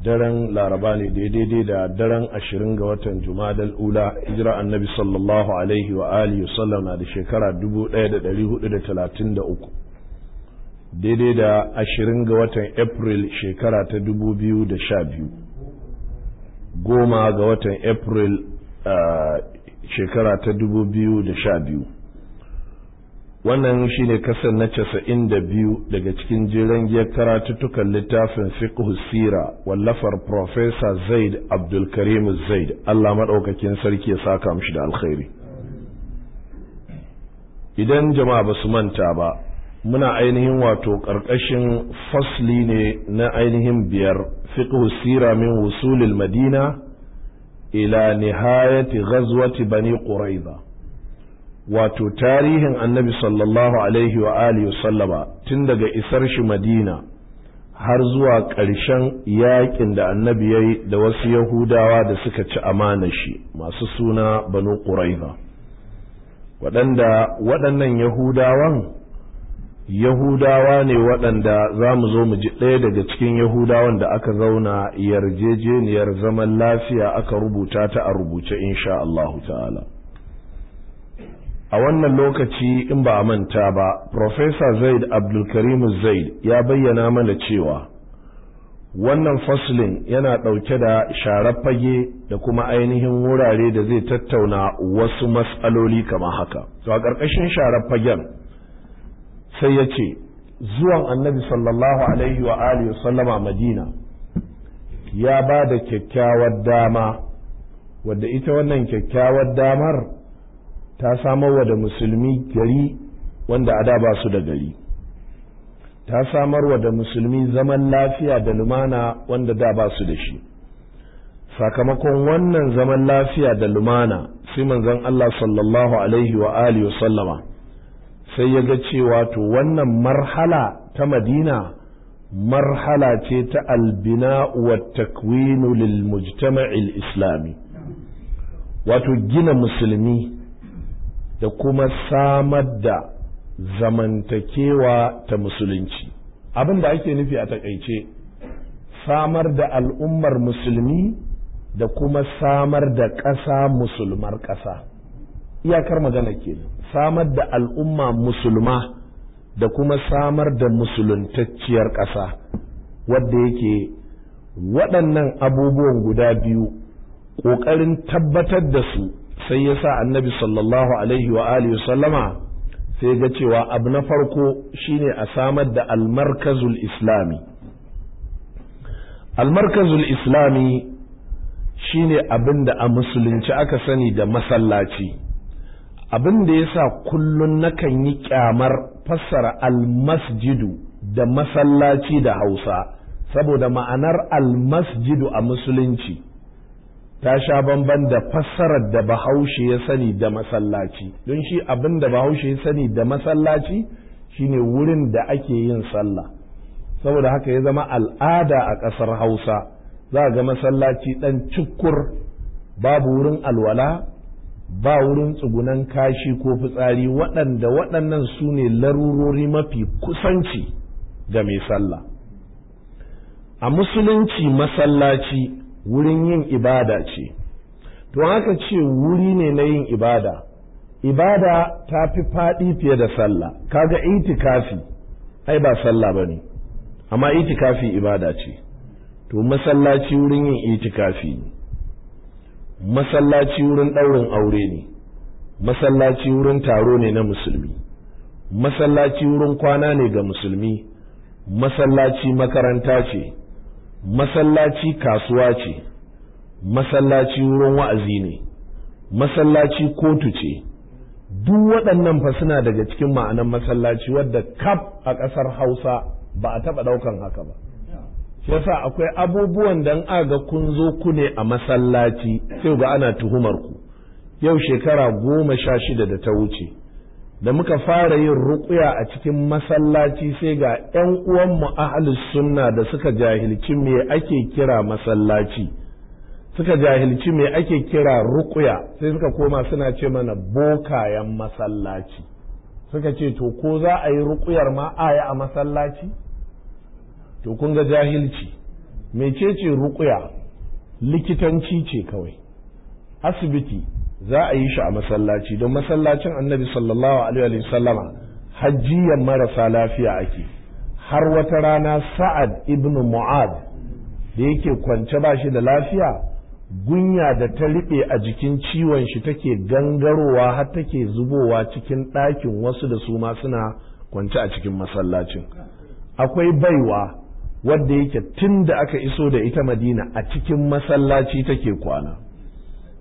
daren laraba ne daidai da daren ashirin ga watan jumadal ula hijira annabi sallallahu alaihi wa alihi sallam na da shekara 1433 daidai da ashirin ga watan april shekara ta 2012 goma ga watan april ah, shekara ta 2012 wannan shi ne kasar na casa'in da biyu daga cikin jiran giyar karatuttukan littafin fiqhu sira wallafar Profesa zaid abdulkarim zaid allah maɗaukakin sarki ya saka mishi da alkhairi idan jama'a ba su manta ba muna ainihin wato ƙarƙashin fasli ne na ainihin biyar fiqhu sira min wusulil madina ila nihayati ghazwati bani quraiza wato tarihin annabi sallallahu alaihi wa alihi sallama tun daga isar shi madina har zuwa ƙarshen yakin da annabi ya yi da wasu yahudawa da suka ci amana shi masu suna banu ƙuraiza waɗanda waɗannan yahudawan yahudawa ne waɗanda za mu zo mu ji ɗaya daga cikin yahudawan da aka zauna yarjejeniyar zaman lafiya aka rubuta ta a rubuce insha Allahu ta'ala a wannan lokaci in ba a manta ba Profesa zaid abdulkarim zaid ya bayyana mana cewa wannan faslin yana ɗauke da sharar fage da kuma ainihin wurare da zai tattauna wasu matsaloli kama haka to a ƙarƙashin sharar fagen sai ya ce zuwan annabi sallallahu alaihi wa alihi sallama madina ya ba da kyakkyawar dama wadda ita wannan kyakkyawar damar ta wa da musulmi gari wanda a da ba su da gari ta samarwa da musulmi zaman lafiya da lumana wanda da ba su da shi sakamakon wannan zaman lafiya da lumana sai manzon Allah sallallahu alaihi wa alihi sallama sai ya ga cewa to wannan marhala ta Madina marhala ce ta albina wa takwinu lil mujtama'il islami wato gina musulmi da kuma samar da zamantakewa ta musulunci abin da ake nufi a takaice samar da al'ummar musulmi da kuma samar da ƙasa musulmar ƙasa iyakar magana ke samar da al'umma musulma da kuma samar da musuluntacciyar ƙasa wadda yake waɗannan abubuwan guda biyu ƙoƙarin tabbatar da su sai ya sa annabi sallallahu alaihi wa alihi sallama sai ga cewa abu na farko shine a samar da almarkazul islami almarkazul islami shine abin da a musulunci aka sani da masallaci abin da ya sa kullum nakan yi kyamar fassara almasjidu da masallaci da hausa saboda ma'anar almasjidu a musulunci ta sha bamban da fassarar da bahaushe ya sani da masallaci don shi abin da bahaushe ya sani da masallaci shine wurin da ake yin sallah saboda haka ya zama al'ada a ƙasar hausa za ga masallaci ɗan cikkur babu wurin alwala ba wurin tsugunan kashi ko fitsari waɗanda waɗannan su ne larurori mafi kusanci ga mai sallah a musulunci masallaci wurin yin ibada ce to haka ce wuri ne na yin ibada ibada ta fi faɗi fiye da sallah kaga itikafi ai ba sallah ba ne amma itikafi ibada ce to masallaci wurin yin itikafi ne masallaci wurin ɗaurin aure ne masallaci wurin taro ne na musulmi masallaci wurin kwana ne ga musulmi masallaci makaranta ce masallaci kasuwa ce masallaci wurin wa'azi ne masallaci kotu ce duk waɗannan fa suna daga cikin ma'anan masallaci wadda kaf a ƙasar hausa ba a taɓa ɗaukan haka ba yasa akwai abubuwan dan aga kun zo ku ne a masallaci sai ga ana tuhumar ku yau shekara goma sha shida da ta wuce da muka fara yin ruƙuya a cikin masallaci sai ga 'yan uwanmu ahalus sunna da suka jahilci me ake kira masallaci suka jahilci me ake kira ruƙuya sai suka koma suna ce mana bokayen masallaci suka ce to ko za a yi ruƙuyar ma aya a masallaci to kun ga jahilci mecece ruƙuya likitanci ce kawai asibiti za a yi shi a masallaci don masallacin annabi sallallahu alaihi sallama hajjiyan marasa lafiya ake har wata rana sa'ad ibn mu'ad da yake kwance ba shi da lafiya gunya da ta riɓe a jikin ciwon shi take gangarowa har take zubowa cikin ɗakin wasu da su ma suna kwance a cikin masallacin akwai baiwa wadda yake tun da aka iso da ita madina a cikin masallaci take kwana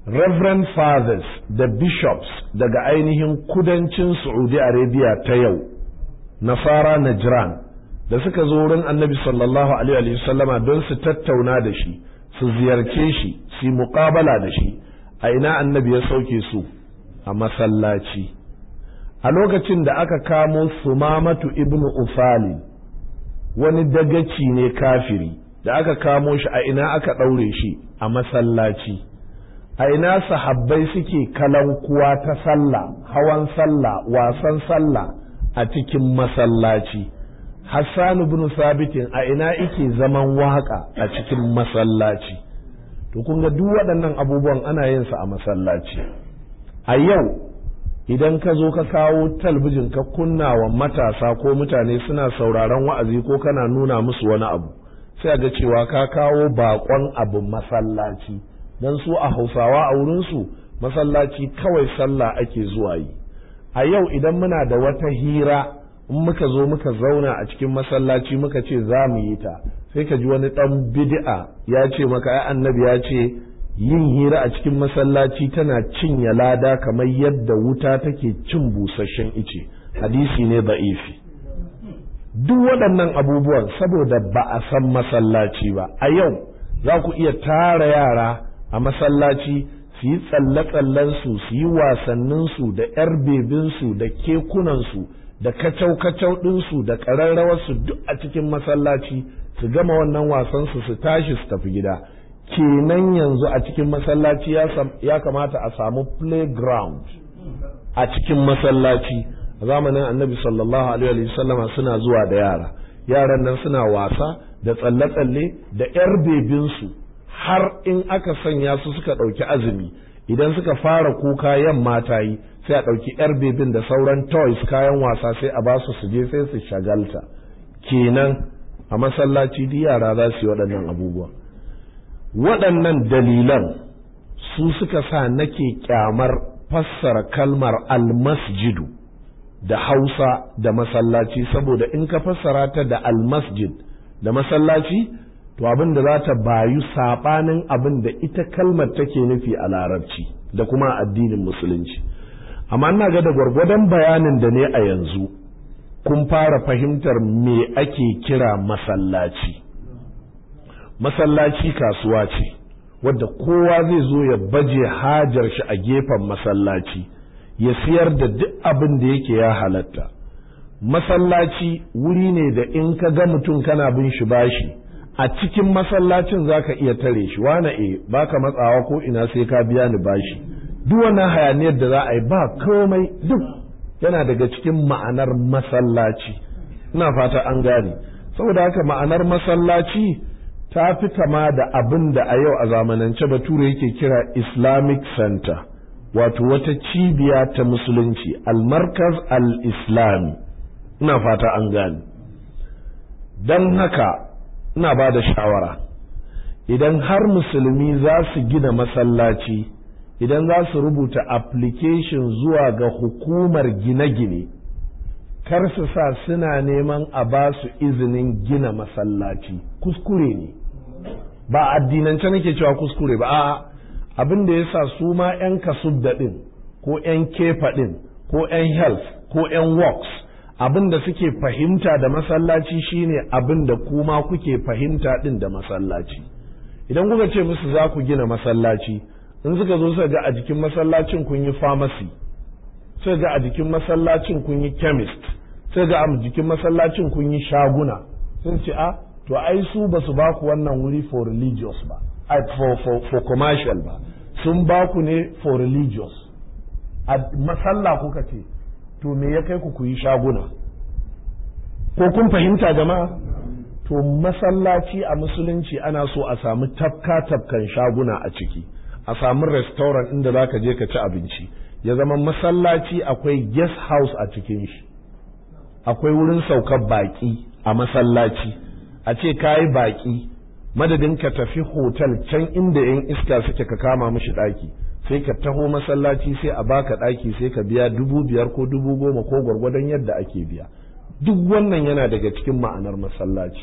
reverend fathers da bishops daga ainihin kudancin saudi arabia ta yau nasara najran da suka zo wurin annabi sallallahu alaihi wasallama don su tattauna da shi su ziyarce shi su muƙabala da shi a ina annabi ya sauke su a masallaci a lokacin da aka kamo sumamatu ibnu ufali wani dagaci ne kafiri da aka kamo shi a ina aka ɗaure shi a masallaci a ina sahabbai suke kalankuwa ta sallah hawan sallah wasan sallah a cikin masallaci hassan ibn sabitin a ina ike zaman waka a cikin masallaci to kun ga duk waɗannan abubuwan ana yin su a masallaci a yau idan ka zo ka kawo talbijin ka kunna wa matasa ko mutane suna sauraron wa'azi ko kana nuna musu wani abu sai ga cewa ka kawo baƙon abu masallaci don su a hausawa a wurinsu masallaci kawai sallah ake zuwa yi a yau idan muna da wata hira in muka zo muka zauna a cikin masallaci muka ce za mu yi ta sai ka ji wani ɗan bid'a ya ce maka ai annabi ya ce yin hira a cikin masallaci tana cinye lada kamar yadda wuta take cin busasshen ice hadisi ne da'ifi duk waɗannan abubuwan saboda ba a san masallaci ba a yau za ku iya tara yara a masallaci su yi tsalle-tsallensu su yi wasanninsu da 'yar bebinsu da kekunansu da kacau-kacau ɗinsu da ƙararrawarsu duk a cikin masallaci su gama wannan wasansu su tashi su tafi gida kenan yanzu a cikin masallaci ya kamata a samu playground a cikin masallaci a zamanin annabi sallallahu alaihi wasallama suna zuwa da yara yaran nan suna wasa da tsalle-tsalle da 'yar bebinsu har in aka sanya su suka ɗauki azumi idan suka fara kuka yamma ta yi sai a ɗauki yar bebin da sauran toys kayan wasa sai a ba su suje je sai su shagalta kenan a masallaci duk yara za su yi waɗannan abubuwa waɗannan dalilan su suka sa nake kyamar fassara kalmar almasjidu da hausa da masallaci saboda in ka fassara ta da almasjid da masallaci to abin da za ta bayu saɓanin abin da ita kalmar take nufi a larabci da kuma addinin musulunci amma ina ga da gwargwadon bayanin da ne a yanzu kun fara fahimtar me ake kira masallaci masallaci kasuwa ce wadda kowa zai zo ya baje hajar shi a gefen masallaci ya siyar da duk abin da yake ya halatta masallaci wuri ne da in ka ga mutum kana bin shi bashi a cikin masallacin zaka iya tare shi wane e eh, baka matsawa ko ina sai ka biya ni bashi duk wannan hayaniyar da za a yi ba komai duk yana daga cikin ma'anar masallaci ina fata an gane saboda haka ma'anar masallaci ta fi kama da abin da a yau a zamanance bature yake kira islamic center wato wata cibiya ta musulunci almarkaz al-islami ina fata an gane don haka ina ba da shawara idan har musulmi za su gina masallaci idan za su rubuta application zuwa ga hukumar gine-gine kar su sa suna neman a ba su izinin gina masallaci kuskure ne ba addinance nake cewa kuskure ba a abin da ya sa su ma 'yan kasubda ɗin ko 'yan kefa ɗin ko 'yan health ko 'yan works abin da suke fahimta da masallaci shine abin da kuma kuke fahimta din da masallaci idan kuka ce musu za ku gina masallaci in suka zo suka ga a jikin masallacin kun yi pharmacy suka ga a jikin masallacin kun yi chemist suka ga a jikin masallacin kun yi shaguna sun ce a ah, to ai su ba su ba wannan wuri for religious ba for, for, for commercial ba sun ba ne for religious a masalla kuka ce to me ya kai ku ku yi shaguna ko kun fahimta jama'a to masallaci a musulunci ana so a samu tafka tafkan shaguna a ciki a samu restaurant inda za ka je ka ci abinci ya zama masallaci akwai guest house a cikin shi akwai wurin saukar baƙi a masallaci a ce ka yi baki madadin ka tafi hotel can inda 'yan iska suke ka kama mashi ɗaki sai ka taho masallaci sai a baka ɗaki sai ka biya dubu biyar ko dubu goma ko gwargwadon yadda ake biya duk wannan yana daga cikin ma'anar masallaci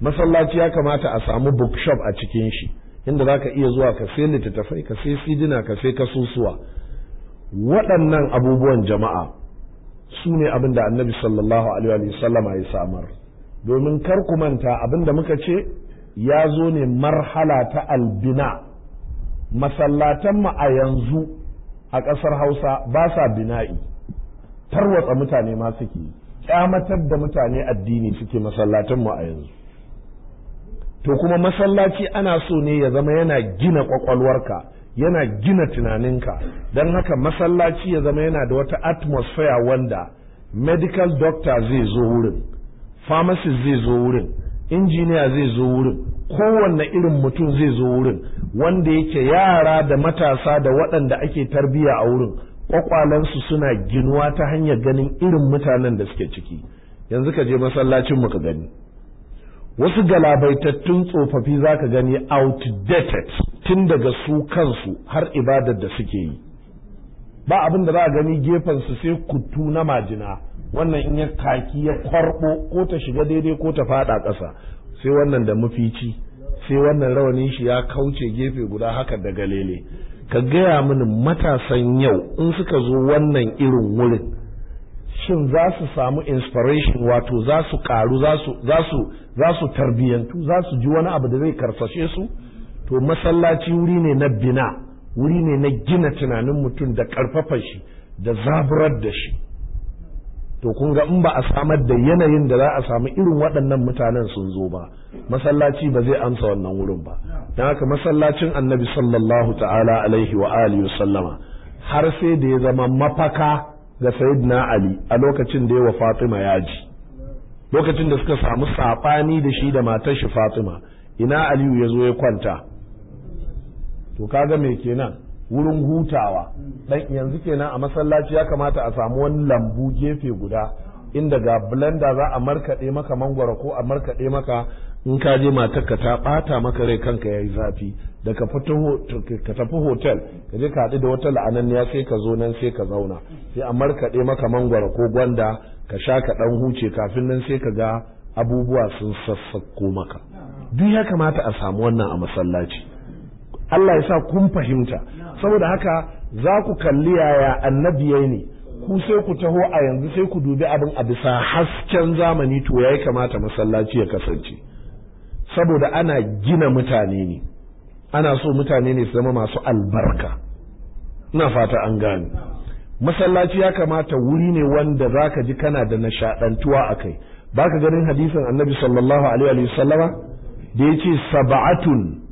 masallaci ya kamata a samu bookshop a cikin shi inda za ka iya zuwa ka sai littattafai ka sai sidina ka sai kasusuwa waɗannan abubuwan jama'a su ne abin da annabi sallallahu alaihi wa sallama ya samar domin kar ku manta abin da muka ce ya zo ne marhala ta albina masallatanmu a yanzu a ƙasar hausa ba sa bina'i tarwatsa mutane ma suke kyamatar da mutane addini suke masallatanmu a yanzu to kuma masallaci ana so ne ya zama yana gina ƙwaƙwalwarka, yana gina tunaninka don haka masallaci ya zama yana da wata atmosphere wanda medical doctor zai zo wurin pharmacist zai zo wurin injiniya zai zo wurin kowanne irin mutum zai zo wurin wanda yake yara da matasa da waɗanda ake tarbiyya a wurin ƙwaƙwalansu suna ginuwa ta hanyar ganin irin mutanen da suke ciki yanzu ka je masallacin mu ka gani wasu galabaitattun tsofaffi za ka gani outdated tun daga su kansu har ibadar da suke yi ba abin da za a gani gefensu sai kutu na majina wannan in ya kaki ya kwarɓo ko ta shiga daidai ko ta faɗa ƙasa sai wannan da mafici sai wannan rawanin shi ya kauce gefe guda haka daga lele ka gaya mini matasan yau in suka zo wannan irin wurin shin za su samu inspiration wato za su karu za su tarbiyyantu za su ji wani abu da zai karfashe su to masallaci wuri ne na bina wuri ne na gina tunanin mutum da karfafa shi da zaburar da shi to kun ga in ba a samar da yanayin da za a samu irin waɗannan mutanen sun zo ba masallaci ba zai amsa wannan wurin ba don haka masallacin annabi sallallahu ta'ala alaihi wa alihi sallama har sai da ya zama mafaka ga sayyidina ali a lokacin da ya wa fatima yaji lokacin da suka samu saɓani da shi da matar shi fatima ina aliyu ya zo ya kwanta to kaga me kenan wurin hutawa dan yanzu kenan a masallaci ya kamata a samu wani lambu gefe guda inda ga blender za a markaɗe maka mangwaro ko a markaɗe maka in ka je matar ka ta bata maka rai kanka yayi zafi daga ka ka tafi hotel ka je ka haɗu da wata la'ananniya sai ka zo nan sai ka zauna sai a markaɗe maka mangwaro ko gwanda ka sha ka dan huce kafin nan sai ka ga abubuwa sun sassako maka duk ya kamata a samu wannan a masallaci Allah ya sa kun fahimta saboda haka za ku kalli yaya annabi ne ku sai ku taho a yanzu sai ku dubi abin a bisa hasken zamani to ya yi kamata masallaci ya kasance saboda ana gina mutane ne ana so mutane ne su zama masu albarka ina fata an gane masallaci ya kamata wuri ne wanda za ka ji kana da nashaɗantuwa a kai. Ba ka ganin hadisin annabi sallallahu alaihi wa sallama da ce Saba'atun.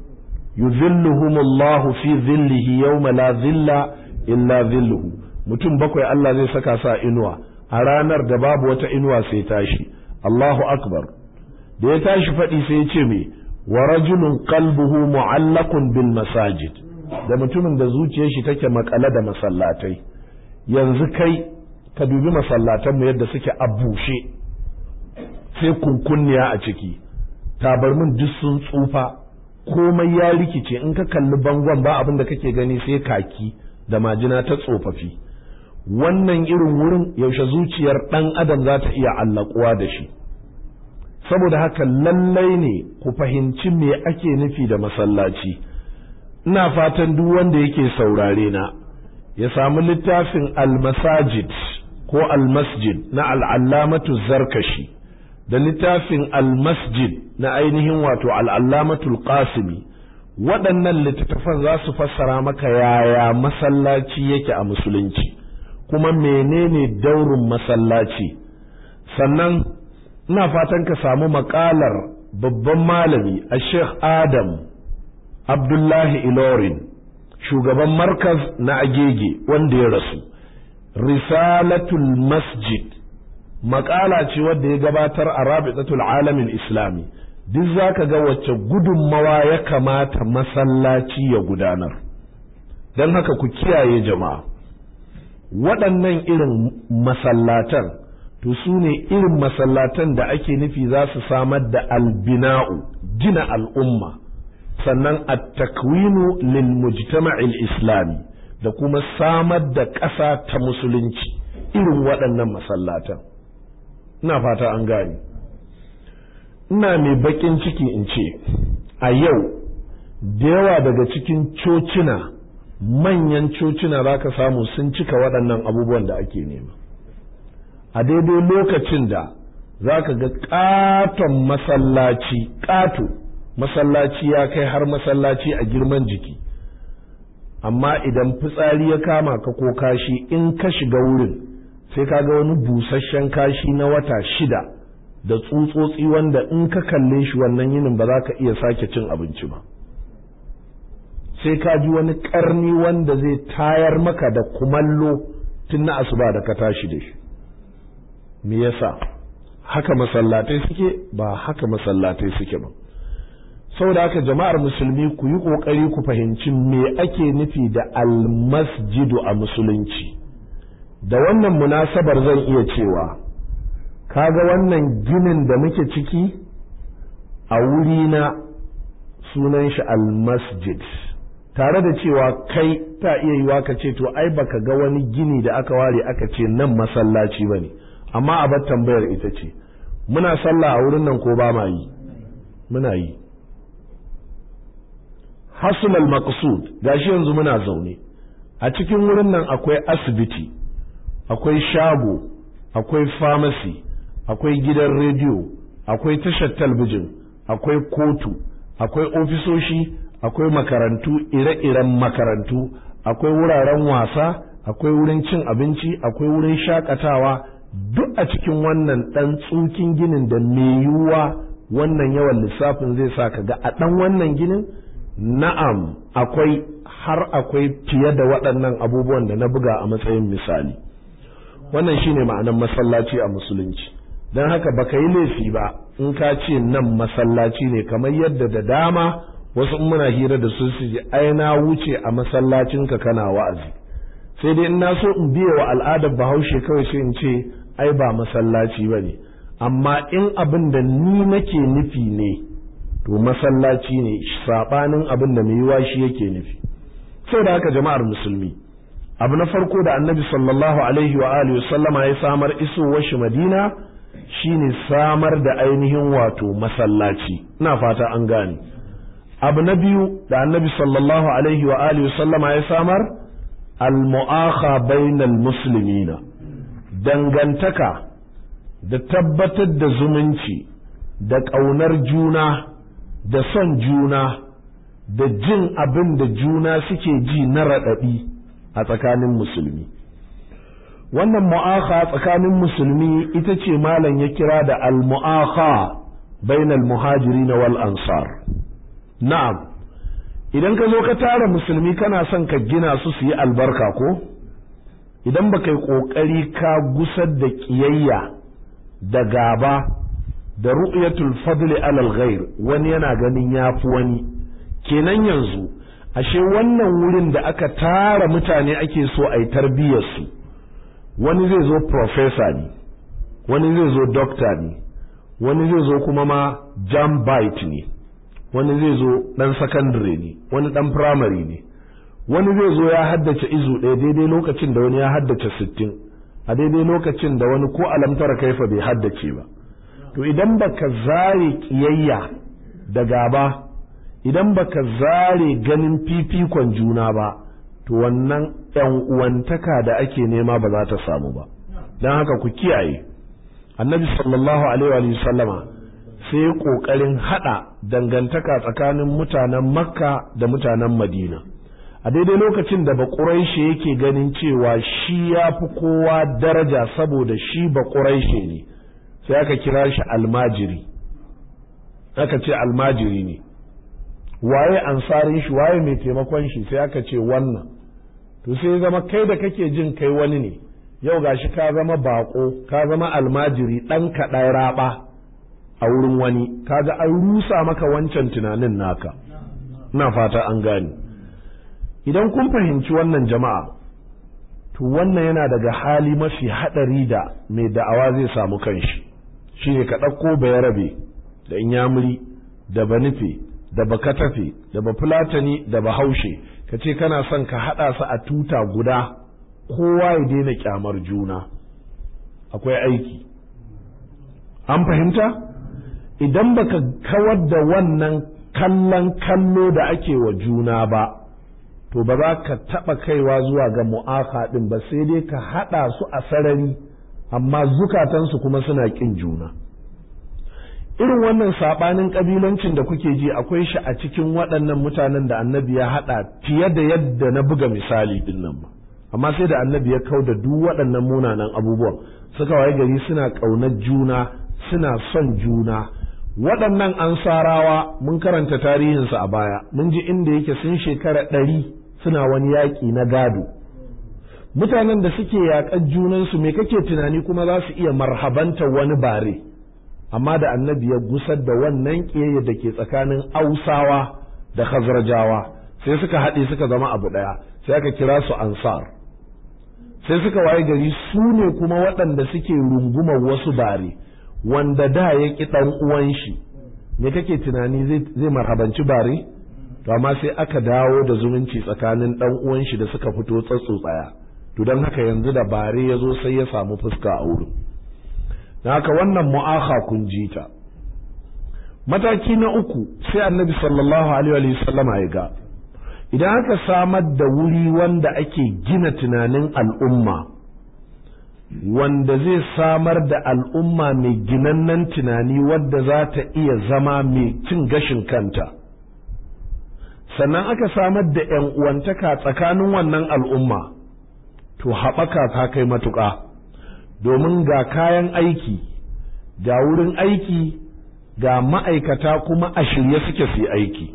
yuzilluhumullahu fi zillihi yawma la zilla illa zilluhu mutum bakwai Allah zai saka sa inuwa a ranar da babu wata inuwa sai tashi Allahu akbar da ya tashi faɗi sai ya ce me wa rajulun qalbuhu mu'allaqun bil masajid da mutumin da zuciyar shi take makale da masallatai yanzu kai ka dubi masallatanmu yadda suke a bushe sai kunkunniya a ciki tabarmin duk sun tsufa komai ya rikice in ka kalli bangon ba abin da kake gani sai kaki da majina ta tsofaffi wannan irin wurin yaushe zuciyar ɗan adam za ta iya allakuwa da shi saboda haka lallai ne ku fahimci me ake nufi da masallaci ina fatan duk wanda yake saurare na ya samu littafin almasajid ko almasjid na al'allamatu zarkashi da littafin Almasjid na ainihin wato al'allamatul qasimi waɗannan littattafan za su fassara maka yaya masallaci yake a musulunci kuma menene daurin masallaci sannan ina fatan ka samu maƙalar babban malami a sheikh adam abdullahi ilorin shugaban markaz na agege wanda ya rasu risalatul masjid maƙala ce wadda ya gabatar a rabitatul alamin islami duk za ka ga wacce gudunmawa ya kamata masallaci ya gudanar don haka ku kiyaye jama'a waɗannan irin masallatan to su ne irin masallatan da ake nufi za su samar da albina'u gina al'umma sannan a takwinu lil mujtama'il islami da kuma samar da ƙasa ta musulunci irin waɗannan masallatan ina fata an gani ina mai baƙin ciki in ce a yau da yawa daga cikin cocina manyan cocina za ka samu sun cika waɗannan abubuwan da ake nema a daidai lokacin da za ka ga ƙaton masallaci ƙato masallaci ya kai har masallaci a girman jiki amma idan fitsari ya kama ka ko kashi in ka shiga wurin sai ka ga wani busasshen kashi na wata shida da tsutsotsi wanda in ka kalle shi wannan yinin ba za ka iya sake cin abinci ba sai ka ji wani karni wanda zai tayar maka da kumallo tun na asuba da ka tashi da shi me yasa haka masallatai suke ba haka masallatai suke ba saboda haka jama'ar musulmi ku yi ƙoƙari ku fahimci me ake nufi da almasjidu a musulunci da wannan munasabar zan iya cewa kaga wannan ginin da muke ciki a wuri na sunan shi almasjid tare da cewa kai ta iya yiwa ka ce to ai baka ga wani gini da aka ware aka ce nan masallaci ba ne amma a bar tambayar ita ce muna sallah a wurin nan ko ba ma yi muna yi hasul al-maqsud gashi yanzu muna zaune a cikin wurin nan akwai asibiti akwai shago akwai famasi akwai gidan rediyo akwai tashar talbijin akwai kotu akwai ofisoshi akwai makarantu ire-iren makarantu akwai wuraren wasa akwai wurin cin abinci akwai wurin shakatawa duk a cikin wannan ɗan tsukin ginin da mai yiwuwa wannan yawan lissafin zai sa ka ga a ɗan wannan ginin na'am akwai har akwai fiye da waɗannan abubuwan da na buga a matsayin misali wannan shine ma'anar masallaci a musulunci don haka ba ka yi laifi ba in ka ce nan masallaci ne kamar yadda da dama wasu muna hira da su su ji ai na wuce a masallacinka kana wa'azi sai dai in na so in biya wa al'adar bahaushe kawai sai in ce ai ba masallaci ba ne amma in abin da ni nake nufi ne to masallaci ne saɓanin abin da mai yiwa shi yake nufi sai da haka jama'ar musulmi abu na farko da annabi sallallahu alaihi wa alihi sallama ya samar isowar shi madina shine samar da ainihin wato masallaci ina fata an gane abu na biyu da annabi sallallahu alaihi wa alihi sallama ya samar al-mu'akha bainal muslimina dangantaka da tabbatar da zumunci da ƙaunar juna da son juna da jin abin da juna suke ji na raɗaɗi a tsakanin musulmi wannan mu'akha tsakanin musulmi ita ce malam ya kira da al-mu'akha muhajiri na wal ansar na'am idan ka zo ka tara musulmi kana son ka gina su su yi albarka ko idan baka yi kokari ka gusar da kiyayya da gaba da ru'yatul fadli alal ghair wani yana ganin yafi wani kenan yanzu ashe wannan wurin da aka tara mutane ake so a yi tarbiyyarsu wani zai zo profesa ne wani zai zo dokta ne wani zai zo kuma ma jam bite ne wani zai zo dan sakandare ne wani dan firamare ne wani zai zo ya haddace izu ɗaya daidai lokacin da wani ya haddace sittin a daidai lokacin da wani ko alamtara kaifa bai haddace ba to idan baka zare kiyayya da gaba idan baka zare ganin fifikon juna ba to wannan ‘yan uwantaka da ake nema ba za ta samu ba don haka ku kiyaye annabi sallallahu alaihi wa sallama sai ya ƙoƙarin haɗa dangantaka tsakanin mutanen makka da mutanen madina a daidai lokacin da baƙuraishe yake ganin cewa shi ya fi kowa daraja saboda shi baƙuraishe ne sai aka kira shi almajiri aka ce almajiri ne waye ansarin shi waye mai taimakon shi sai aka ce wannan to sai ya zama kai da kake jin kai wani ne yau gashi ka zama bako ka zama almajiri ɗan kaɗai raba a wurin wani kaga an rusa maka wancan tunanin naka ina fata an gane idan kun fahimci wannan jama'a to wannan yana daga hali mafi haɗari da mai da'awa zai samu kanshi shi ne ka ɗauko bayarabe da inyamuri da banife da ba katafe da ba fulatani da ba haushe ka ce kana son ka haɗa su a tuta guda kowa ya daina kyamar juna akwai aiki an fahimta idan baka kawar da wannan kallon kallo da ake wa juna ba to ba za ka taɓa kaiwa zuwa ga mu'aka ɗin ba sai dai ka haɗa su a sarari amma zukatansu kuma suna ƙin juna irin wannan sabanin kabilancin da kuke ji akwai shi a cikin waɗannan mutanen da annabi ya haɗa fiye da yadda na buga misali din nan ba amma sai da annabi ya kau da duk waɗannan munanan abubuwan suka waye gari suna ƙaunar juna suna son juna waɗannan ansarawa mun karanta tarihinsu a baya mun ji inda yake sun shekara ɗari suna wani yaƙi na gado mutanen da suke yaƙar junansu me kake tunani kuma za su iya marhabanta wani bare amma da annabi ya gusar da wannan ƙiyayya da ke tsakanin ausawa da khazrajawa sai suka haɗe suka zama abu ɗaya sai aka kira su ansar sai suka waye gari su ne kuma waɗanda suke rungumar wasu bare wanda da ya ƙi ɗan uwan shi me kake tunani zai marhabanci bare to amma sai aka dawo da zumunci tsakanin ɗan uwan shi da suka fito tsatso tsaya to don haka yanzu da bare ya zo sai ya samu fuska a wurin da haka wannan mu'aha kun ji ta mataki na uku sai annabi sallallahu alaihi wa sallama ya ga idan aka samar da wuri wanda ake gina tunanin al'umma wanda zai samar da al'umma mai ginannen tunani wadda za ta iya zama mai cin gashin kanta sannan aka samar da ‘yan uwantaka tsakanin wannan al'umma to haɓaka ta kai matuƙa domin ga kayan aiki ga wurin aiki ga ma'aikata kuma a shirye suke su yi aiki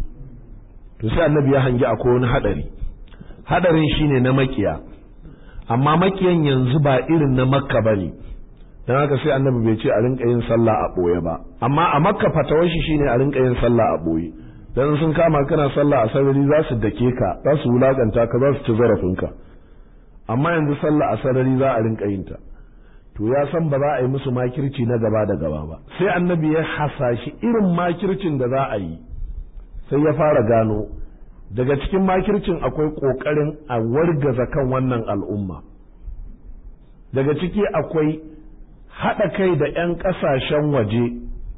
to sai annabi ya hangi a wani hadari hadarin shine na makiya amma makiyan yanzu ba irin na makka bane don haka sai annabi bai ce a rinka yin sallah a ɓoye ba amma a makka fatawar shi shine a rinka yin sallah a ɓoye dan sun kama kana sallah a sarari za su dake ka za su wulaƙanta ka za su ci zarafinka amma yanzu sallah a sarari za a rinka yin ta to ya san ba za a yi musu makirci na gaba da gaba ba sai annabi ya hasashi irin makircin da za a yi sai ya fara gano daga cikin makircin akwai ƙoƙarin a wargaza kan wannan al'umma daga ciki akwai haɗa kai da 'yan ƙasashen waje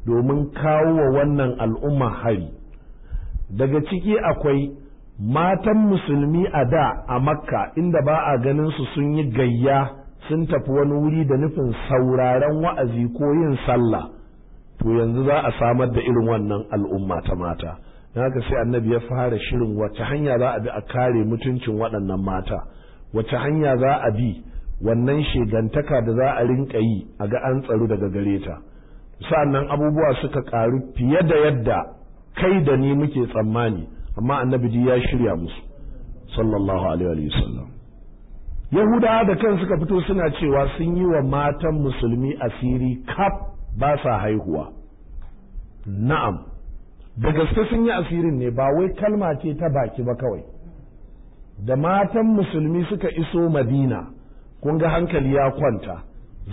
domin kawo wa wannan al'umma hari daga ciki akwai matan musulmi a da a makka inda ba a ganin su sun yi gayya sun tafi wani wuri da nufin sauraron wa'azi ko yin sallah to yanzu za a samar da irin wannan al'umma ta mata haka sai annabi ya fara shirin wacce hanya za a bi a kare mutuncin waɗannan mata wacce hanya za a bi wannan shegantaka da za a rinka yi a ga an tsaro daga gare ta sa'annan abubuwa suka karu fiye da yadda kai da ni muke tsammani amma annabi ya shirya musu sallallahu alaihi wasallam yahudawa da kan suka fito suna cewa sun yi wa matan musulmi asiri kaf ba sa haihuwa na'am da gaske sun yi asirin ne ba wai kalma ce ta baki ba kawai da matan musulmi suka iso madina kun ga hankali ya kwanta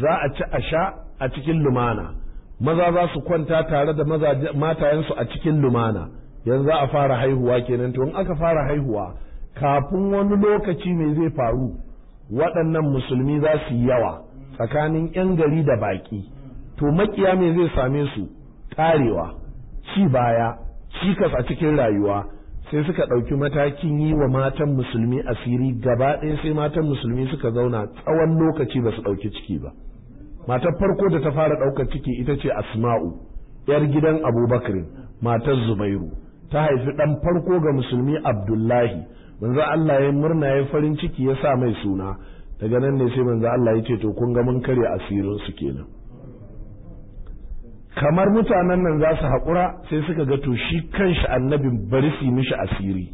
za a ci a sha a cikin lumana maza za su kwanta tare da matayensu a cikin lumana yanzu a fara haihuwa kenan to in aka fara haihuwa kafin wani lokaci mai zai faru waɗannan musulmi za su yi yawa tsakanin 'yan gari da baƙi to makiya me zai same su ƙarewa ci baya cikas a cikin rayuwa sai suka ɗauki matakin yi wa matan musulmi asiri gaba ɗaya sai matan musulmi suka zauna tsawon lokaci ba su ɗauki ciki ba matar farko da ta fara ɗaukar ciki ita ce asma'u yar gidan abubakar matar zubairu ta haifi ɗan farko ga musulmi abdullahi manzo Allah ya murna ya farin ciki ya sa mai suna daga nan ne sai manzo Allah ya ce to kun ga mun karya asirin su kenan kamar mutanen nan za su haƙura sai suka ga to shi kanshi annabin bari su mishi asiri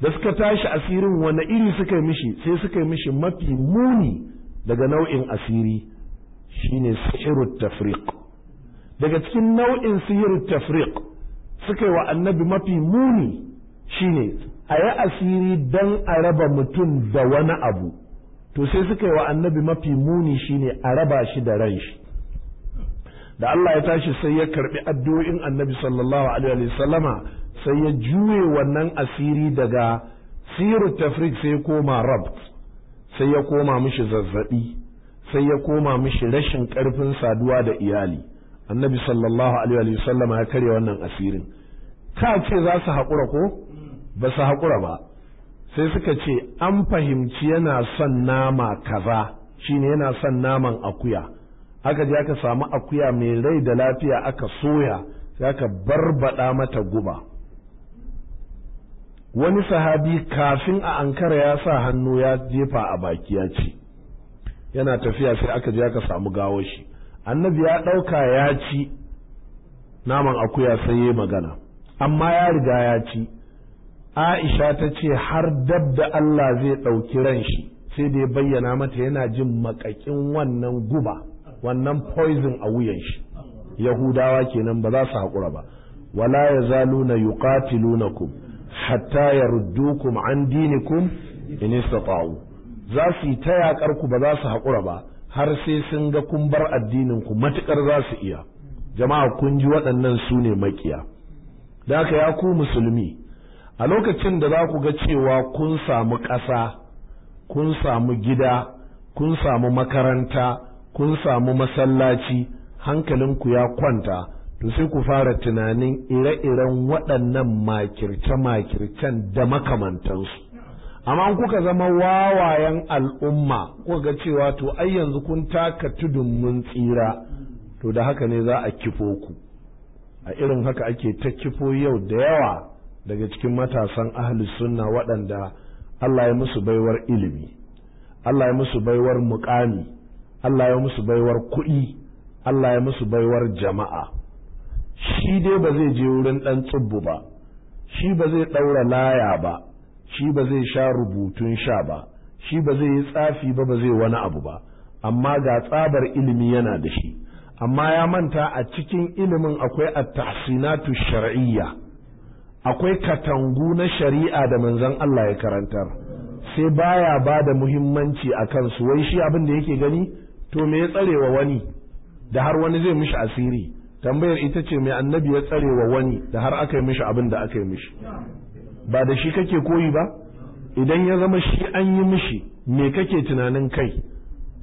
da suka tashi asirin wani iri suka yi mishi sai suka yi mishi mafi muni daga nau'in asiri shine sihirut tafriq daga cikin nau'in sihirut tafriq suka yi wa annabi mafi muni shine a yi asiri don a raba mutum da wani abu to sai suka yi wa annabi mafi muni shine a raba shi da ran shi da Allah ya tashi sai ya karbi addu'o'in annabi sallallahu alaihi wa sallama sai ya juye wannan asiri daga siru tafrik sai ya koma rabt sai ya koma mishi zazzabi sai ya koma mishi rashin karfin saduwa da iyali annabi sallallahu alaihi wa sallama ya karya wannan asirin ka ce za su haƙura ko ba su haƙura ba sai suka ce an fahimci yana son nama kaza shine yana son naman akuya aka ji aka samu akuya mai rai da lafiya aka soya sai aka baɗa mata guba wani sahabi kafin a ankara ya sa hannu ya jefa a baki ya ci yana tafiya sai aka ji aka samu gawo shi annabi ya ɗauka ya ci naman akuya sai ya magana amma ya riga ya ci aisha ta ce har dab da Allah zai ɗauki ran shi sai dai bayyana mata yana jin makakin wannan guba wannan poison a wuyan shi yahudawa kenan ba za su haƙura ba wala ya zalu na yuqatilunakum hatta yardukum an dinikum in istata'u za su yi ta yakar ku ba za su haƙura ba har sai sun ga kun bar addinin ku matukar za su iya jama'a kun ji waɗannan su ne makiya da haka ya ku musulmi a lokacin da za ku ga cewa kun samu ƙasa kun samu gida kun samu makaranta kun samu masallaci hankalinku ya kwanta to sai ku fara tunanin ire-iren waɗannan makirce-makircen da makamantansu amma kuka zama wawayen al'umma kuka ga cewa to ai yanzu kun taka tudun mun tsira to da haka ne za a kifo ku a irin haka ake ta kifo yau da yawa daga cikin matasan ahli sunna waɗanda Allah ya musu baiwar ilimi Allah ya musu baiwar muƙami Allah ya musu baiwar kuɗi Allah ya musu baiwar jama'a shi dai ba zai je wurin ɗan tsubbu ba shi ba zai ɗaura laya ba shi ba zai sha rubutun sha ba shi ba zai yi tsafi ba ba zai wani abu ba amma ga tsabar ilimi yana da shi amma ya manta a cikin ilimin akwai at-tahsinatu shar'iyya akwai katangu na shari'a da manzon Allah ya karantar sai baya ba da muhimmanci a kansu wai shi abin da yake gani to me ya tsarewa wani da har wani zai mishi asiri tambayar ita ce mai annabi ya tsarewa wani da har aka yi mishi abin da aka yi mishi ba da shi kake koyi ba idan ya zama shi an yi mishi me kake tunanin kai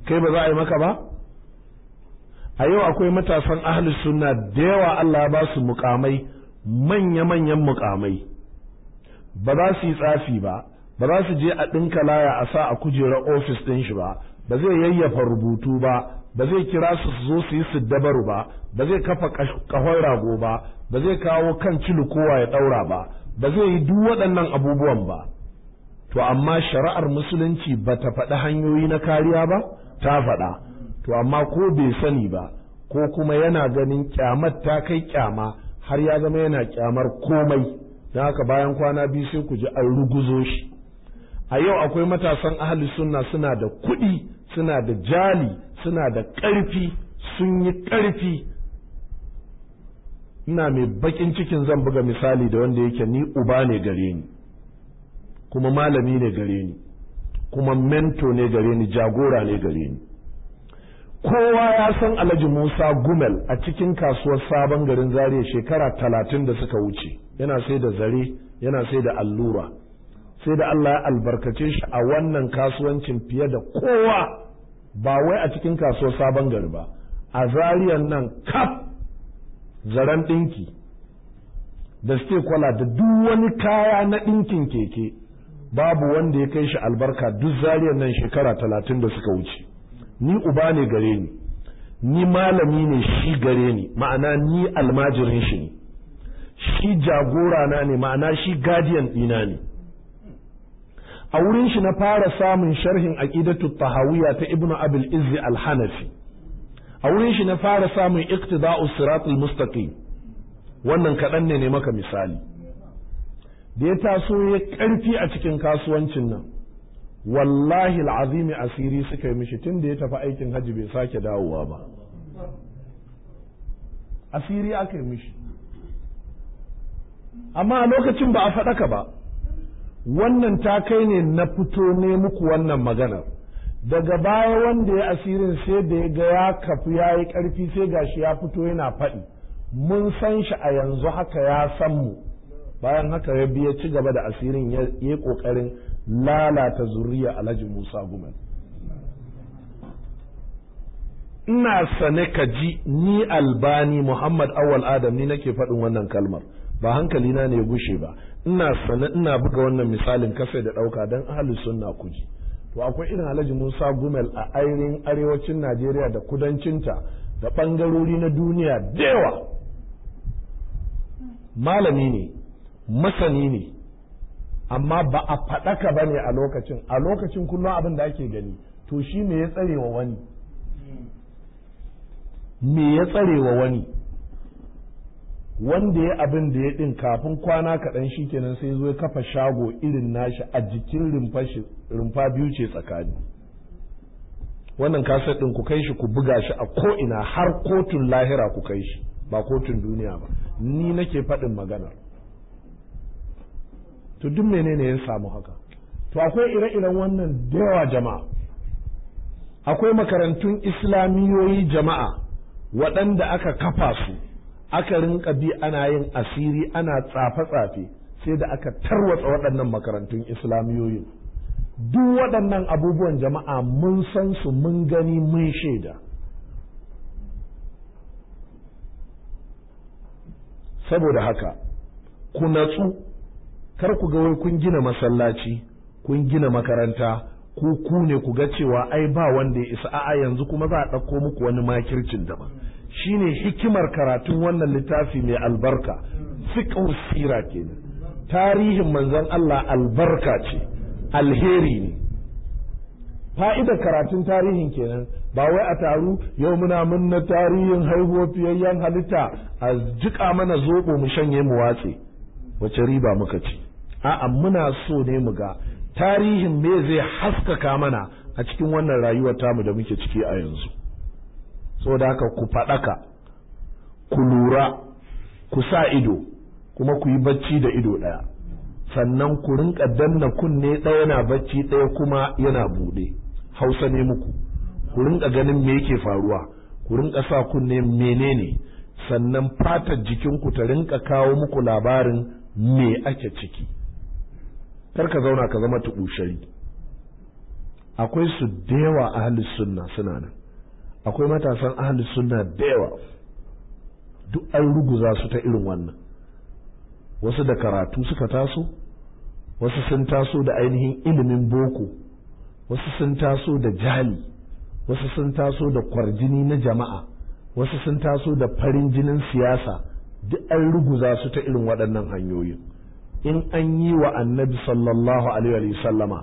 kai ba za a yi maka ba a yau akwai matasan ahlus sunna da yawa Allah ya ba su mukamai manya-manyan mukamai ba za su yi tsafi ba ba za su je a ɗinka laya a sa a kujerar ofis ɗin shi ba ba zai yayyafa rubutu ba ba zai kira su zo su yi su dabaru ba ba zai kafa kahon rago ba ba zai kawo kan kowa ya ɗaura ba ba zai yi duk waɗannan abubuwan ba to amma shari'ar musulunci ba ta faɗi hanyoyi na kariya ba ta faɗa to amma ko bai sani ba ko kuma yana ganin kyamar ta kai kyama har ya zama yana kyamar komai don haka bayan kwana biyu sai ku ji an ruguzo shi a yau akwai matasan ahli sunna suna da kuɗi suna da jali suna da ƙarfi sun yi ƙarfi ina mai baƙin cikin zan buga misali da wanda yake ni uba ne gare ni kuma malami ne gare ni kuma mento ne gare ni jagora ne gare ni kowa ya san alhaji musa gumel a cikin kasuwar sabon garin zariya shekara talatin da suka wuce yana sai da zare yana sai da allura sai da allah ya albarkace shi a wannan kasuwancin fiye da kowa ba wai a cikin kasuwar sabon gari ba a zariyan nan kaf zaren ɗinki da suke kwala da duk wani kaya na ɗinkin keke babu wanda ya kai shi albarka duk zariyan nan shekara talatin da suka wuce ni uba ne gare ni ni malami ne shi gare ni ma'ana ni almajirin shi ne shi jagora na ne ma'ana shi guardian ɗina ne a wurin shi na fara samun sharhin aqidatu tahawiyya ta ibnu abul izzi al-hanafi a wurin shi na fara samun iqtida'us siratul mustaqim wannan kaɗan ne ne maka misali da ya taso ya ƙarfi a cikin kasuwancin nan wallahi al'azimi asiri suka yi mishi tun da ya tafi aikin hajji bai sake dawowa ba asiri aka yi mishi amma a lokacin ba a faɗaka ba wannan ta kai ne na fito ne muku wannan maganar daga baya wanda ya asirin sai da ya ga ya kafu ya yi ƙarfi sai gashi ya fito yana faɗi mun san shi a yanzu haka ya san mu bayan haka ya biya ci gaba da asirin ya yi ƙoƙarin lalata zuriya alhaji musa Gumen. ina sane ka ji ni albani muhammad awal adam ni nake faɗin wannan kalmar ba hankali na ne gushe ba ina sane ina buga wannan misalin kasai da ɗauka don ahalin sunna ku ji to akwai irin alhaji musa gumel a ainihin arewacin najeriya da kudancinta da ɓangarori na duniya dewa. malami ne masani ne amma ba a faɗaka ba ne a lokacin a lokacin kullum abin da ake gani to shi me ya tsare wa wani me ya tsare wa wani wanda ya abin da ya ɗin kafin kwana kaɗan shi kenan sai zo kafa shago irin nashi a jikin rumfa biyu ce tsakani wannan kasar ɗin ku kai shi ku buga shi a ko'ina har kotun lahira ku kai shi ba kotun duniya ba ni nake faɗin maganar to duk menene ya samu haka to akwai ire-iren wannan dawa jama'a akwai makarantun islamiyoyi jama'a waɗanda aka kafa su aka rinka bi ana yin asiri ana tsafe-tsafe sai da aka tarwatsa waɗannan makarantun islamiyoyin duk waɗannan abubuwan jama'a mun san su mun gani mun shaida saboda haka ku natsu kar ku ga wai kun gina masallaci kun gina makaranta ku ku ne ku ga cewa ai ba wanda ya isa a'a yanzu kuma za a ɗauko muku wani makircin daban shine hikimar karatun wannan littafi mai albarka fiqh sira kenan tarihin manzon Allah albarka ce alheri ne fa'idar karatun tarihin kenan ba wai a taru yau muna munna tarihin haihuwar fiyayyen halitta a jika mana zobo mu shanye mu watse wace riba muka ci a'a muna so ne mu ga tarihin me zai haskaka mana a cikin wannan rayuwar tamu da muke ciki a yanzu saboda haka ku faɗaka ku lura ku sa ido kuma ku yi bacci da ido ɗaya sannan ku rinka danna kunne ɗaya yana bacci ɗaya kuma yana buɗe hausa ne muku ku rinka ganin me yake faruwa ku rinka sa kunne menene sannan fatar jikinku ta rinka kawo muku labarin me ake ciki kar ka zauna ka zama tukushari akwai su da yawa a sunna suna nan akwai matasan ahli sunna da yawa duk an ruguza su ta irin wannan wasu da karatu suka taso wasu sun taso da ainihin ilimin boko wasu sun taso da jali wasu sun taso da kwarjini na jama'a wasu sun taso da farin jinin siyasa duk an ruguza su ta irin waɗannan hanyoyin in an yi wa annabi sallallahu alaihi wa sallama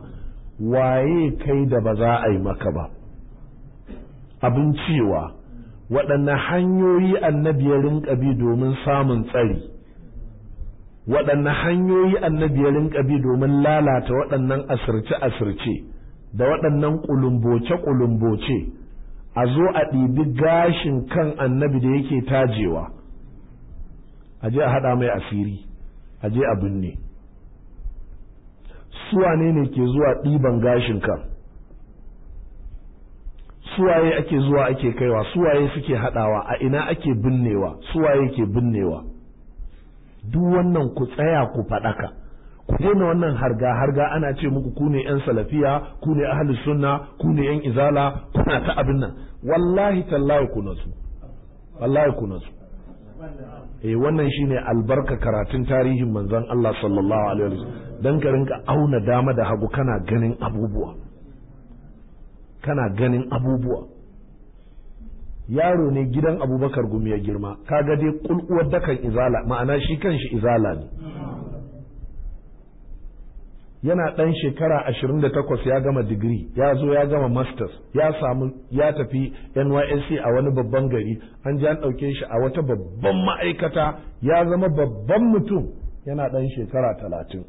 waye kai da ba za a yi maka ba abin cewa waɗanne hanyoyi annabi ya rinka bi domin samun tsari waɗanne hanyoyi annabi ya rinka bi domin lalata waɗannan asirce-asirce da waɗannan ƙulumboce-ƙulumboce a zo a ɗibi gashin kan annabi da yake tajewa a je a haɗa mai asiri a je a binne suwane ne ke zuwa ɗiban gashinka suwaye ake zuwa ake kaiwa suwaye suke haɗawa a ina ake binnewa suwaye ke binnewa duk wannan ku tsaya ku faɗaka ku daina wannan harga harga ana ce muku ku ne yan salafiya ku ne ahlus sunna ku ne yan izala kuna ta abin nan wallahi tallahi ku wallahi ku eh wannan shine albarka karatun tarihin manzon Allah sallallahu alaihi wasallam dan ka rinka auna dama da hagu kana ganin abubuwa kana ganin abubuwa yaro ne gidan abubakar gumi ya girma kaga dai kulkuwar dakan izala ma'ana shi kanshi izala ne yana ɗan shekara ashirin da takwas ya gama digiri ya zo ya gama masters ya samu ya tafi nysc a wani babban gari an ji an ɗauke shi a wata babban ma'aikata ya zama babban mutum yana ɗan shekara talatin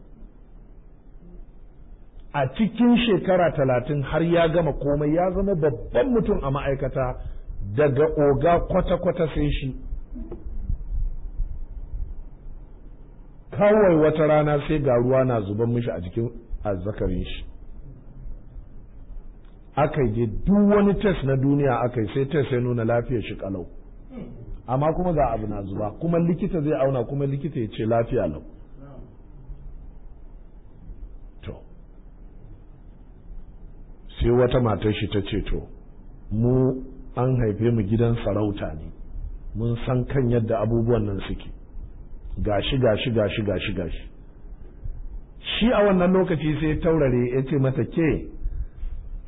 a cikin shekara talatin har ya gama komai ya zama babban mutum a ma'aikata daga oga kwata-kwata sai shi kawai wata rana sai ga ruwa na zuban mishi a jikin azzakarin shi aka yi duk wani test na duniya aka yi sai test ya nuna lafiyar shi kalau amma kuma ga abu na zuba kuma likita zai auna kuma likita ya ce lafiya lau to sai wata matar shi ta ce to mu an haife mu gidan sarauta ne mun san kan yadda abubuwan nan suke gashi gashi gashi gashi gashi shi a wannan lokaci sai taurare ya ce mata ke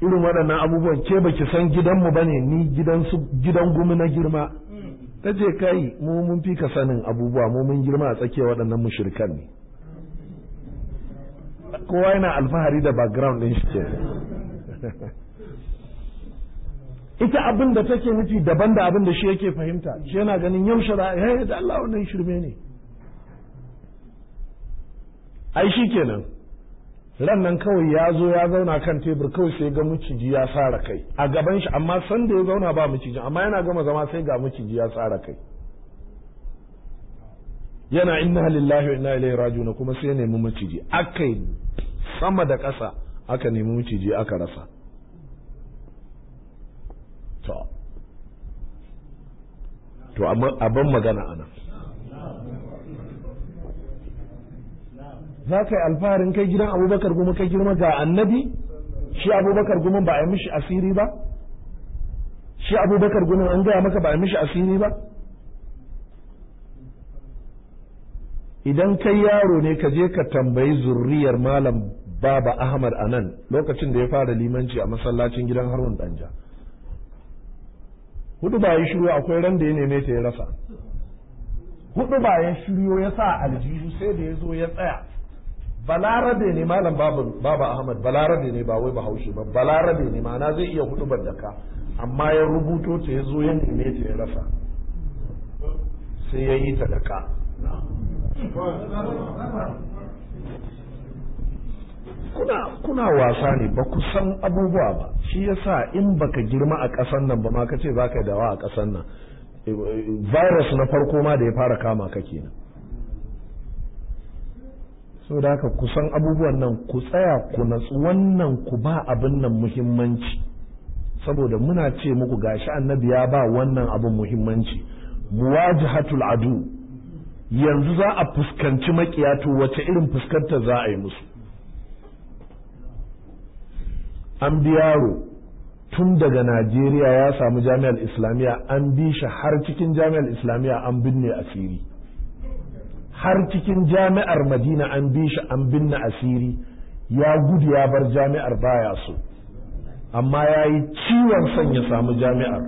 irin waɗannan abubuwan ke baki san gidanmu ba ne ni gidan gumi na girma ta ce kai mu mun fi ka sanin abubuwa mu mun girma a tsakiyar waɗannan mushrikan ne kowa yana alfahari da background ɗin shi ke ita abin da take nufi daban da abin da shi yake fahimta shi yana ganin yaushe da Allah wannan shirme ne ai shi kenan ran nan kawai ya zo ya zauna kan tebur kawai sai ga miciji ya tsara kai a gaban shi amma san da ya zauna ba miciji amma yana gama zama sai ga miciji ya tsara kai yana inna lillahi wa inna ilaihi raji'un kuma sai nemi miciji akai sama da ƙasa aka nemi miciji aka rasa to to abin magana anan za ka yi alfaharin kai gidan abubakar goma kai girma ga annabi shi abubakar goma ba a yi mishi asiri ba shi abubakar goma an gaya maka ba a yi mishi asiri ba idan kai yaro ne ka je ka tambayi zurriyar malam baba ahmad a nan lokacin da ya fara limanci a masallacin gidan harun danja hudu ba ya shiru akwai ran da ya neme ta ya rasa hudu ba ya shiryo ya sa aljihu sai da ya zo ya tsaya balarabe ne malam baba ahmad balarabe ne ba wai bahaushe ba balarabe ne ma'ana zai iya hudu da amma ya rubuto ta ya zo ya neme ta ya rasa sai ya yi ta daka kuna kuna wasa ne ba ku san abubuwa ba shi yasa in baka girma a ƙasan nan ba ma ka ce za ka dawa a ƙasan nan eh, eh, virus na farko ma da ya fara kama ka kenan da, haka kusan abubuwan nan ku tsaya ku natsu wannan ku ba abin nan muhimmanci saboda muna ce muku gashi annabi ya ba wannan abin muhimmanci muwajihatul adu yanzu za a fuskanci makiya to wace irin fuskantar za a yi musu an bi yaro tun daga najeriya ya samu jami'ar islamiyya an bi shi har cikin jami'ar islamiyya an binne asiri har cikin jami'ar madina an bi shi an binne asiri ya gudu ya bar jami'ar baya so amma ya yi ciwon son ya samu jami'ar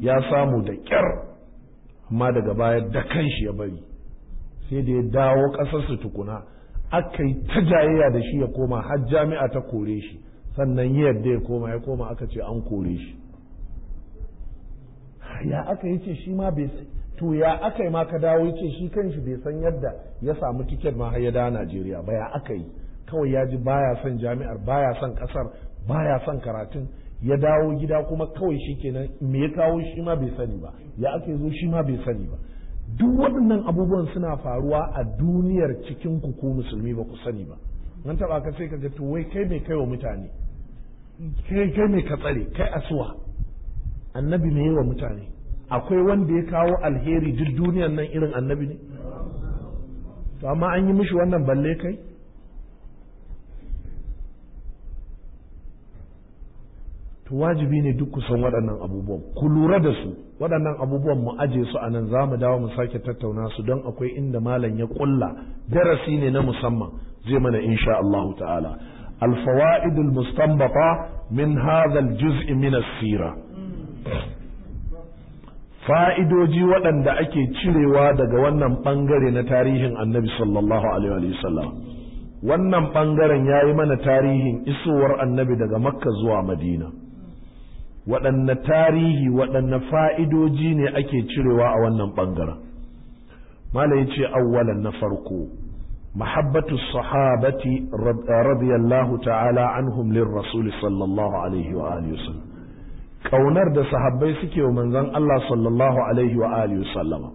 ya samu da kyar amma daga baya da shi ya bari sai da ya dawo ƙasarsu tukuna aka yi ta jayayya da shi ya koma har jami'a ta kore shi sannan ya yadda ya koma ya koma aka ce an kore shi ya aka yi ce shi ma bai to ya aka yi ma ka dawo yake shi kanshi bai san yadda ya samu tiket ma har ya dawo Najeriya ba ya aka yi kawai ya ji baya son jami'ar baya son kasar baya son karatun ya dawo gida kuma kawai shi kenan me ya kawo shi ma bai sani ba ya aka zo shi ma bai sani ba duk waɗannan abubuwan suna faruwa a duniyar cikin ku ko musulmi ba ku sani ba nan taba ka sai ka ga to wai kai mai kai wa mutane kai kai mai ka tsare kai asuwa annabi mai wa mutane akwai wanda ya kawo alheri duk duniyan nan irin annabi ne to amma an yi mishi wannan balle kai to wajibi ne duk kusan waɗannan abubuwan ku lura da su waɗannan abubuwan mu aje su a nan za mu dawo mu sake tattauna su don akwai inda malam ya ƙulla darasi ne na musamman zai mana insha Allahu ta'ala الفوائد المستنبطة من هذا الجزء من السيرة fa'idoji waɗanda ake cirewa daga wannan ɓangare na tarihin annabi sallallahu alaihi wasallam wannan ɓangaren ya yi mana tarihin isowar annabi daga makka zuwa madina waɗanne tarihi waɗanne fa'idoji ne ake cirewa a wannan ɓangaren mala ce awwalan na farko mahabbatu sahabati radiyallahu ta'ala anhum lirrasuli sallallahu alaihi wa alihi wasallam ƙaunar da sahabbai suke wa manzon Allah sallallahu alaihi wa alihi sallama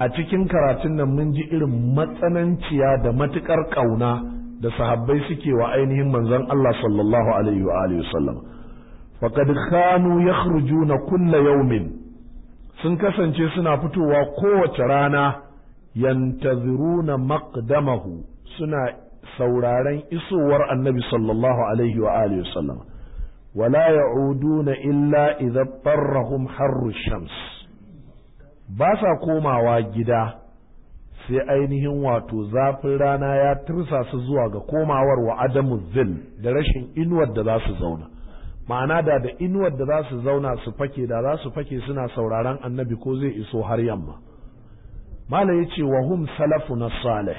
a cikin karatun nan mun ji irin matsananciya da matukar ƙauna da sahabbai suke wa ainihin manzon Allah sallallahu alaihi wa alihi sallama faqad kanu yakhrujuna kulla yawmin sun kasance suna fitowa kowace rana yantaziruna maqdamahu suna sauraren isowar annabi sallallahu alaihi wa alihi wala ya ya'uduna illa idza tarrahum harru shams ba sa komawa gida sai ainihin wato zafin rana ya tursa su zuwa ga komawar wa adamu zil da rashin inuwar da za su zauna ma'ana da da inuwar da za su zauna su fake da za su fake suna sauraron annabi ko zai iso har yamma malam ya ce wahum salafu na salih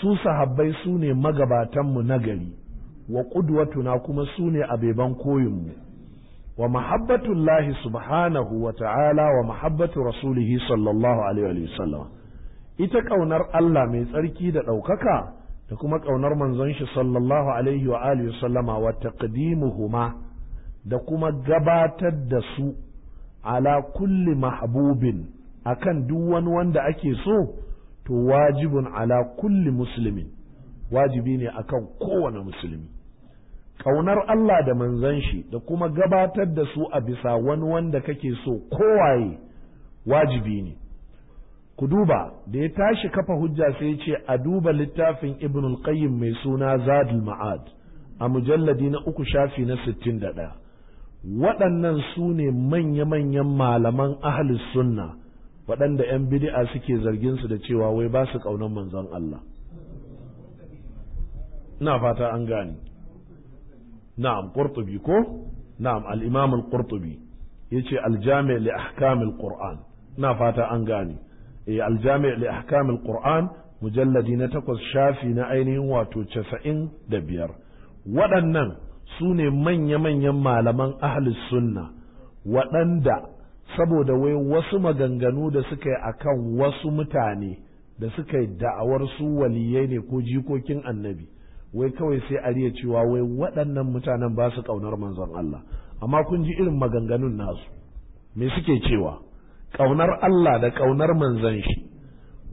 su sahabbai su ne magabatanmu na gari wa ƙudwatuna kuma su ne abeban koyinmu wa mahabbatullahi subhanahu wa ta'ala wa mahabbatu rasulihi sallallahu alaihi wa sallam ita ƙaunar Allah mai tsarki da ɗaukaka da kuma ƙaunar manzon shi sallallahu alaihi wa alihi wa sallama wa taqdimuhuma da kuma gabatar da su ala kulli mahbubin akan duk wani wanda ake so to wajibun ala kulli muslimin wajibi ne akan kowane musulmi kaunar Allah da manzon shi da kuma gabatar da su a bisa wani wanda kake so kowaye wajibi ne ku duba da ya tashi kafa hujja sai ya ce a duba littafin ibn al-qayyim mai suna zadul ma'ad a mujalladi na uku shafi na 61 waɗannan su ne manya-manyan malaman ahlus sunna waɗanda 'yan bid'a suke zargin su da cewa wai ba su ƙaunar manzon Allah ina fata an gane na'am qurtubi ko na'am al-imam al-qurtubi yace al-jami' li quran na fata an gane eh al-jami' li quran mujalladi na takwas shafi na ainihin wato casa'in da biyar waɗannan su ne manya-manyan malaman ahlus sunna waɗanda saboda wai wasu maganganu da suka yi a kan wasu mutane da suka yi da'awar su waliyai ne ko jikokin annabi wai kawai sai a riya cewa wai waɗannan mutanen ba su ƙaunar manzon Allah amma kun ji irin maganganun nasu me suke cewa ƙaunar Allah da ƙaunar manzon shi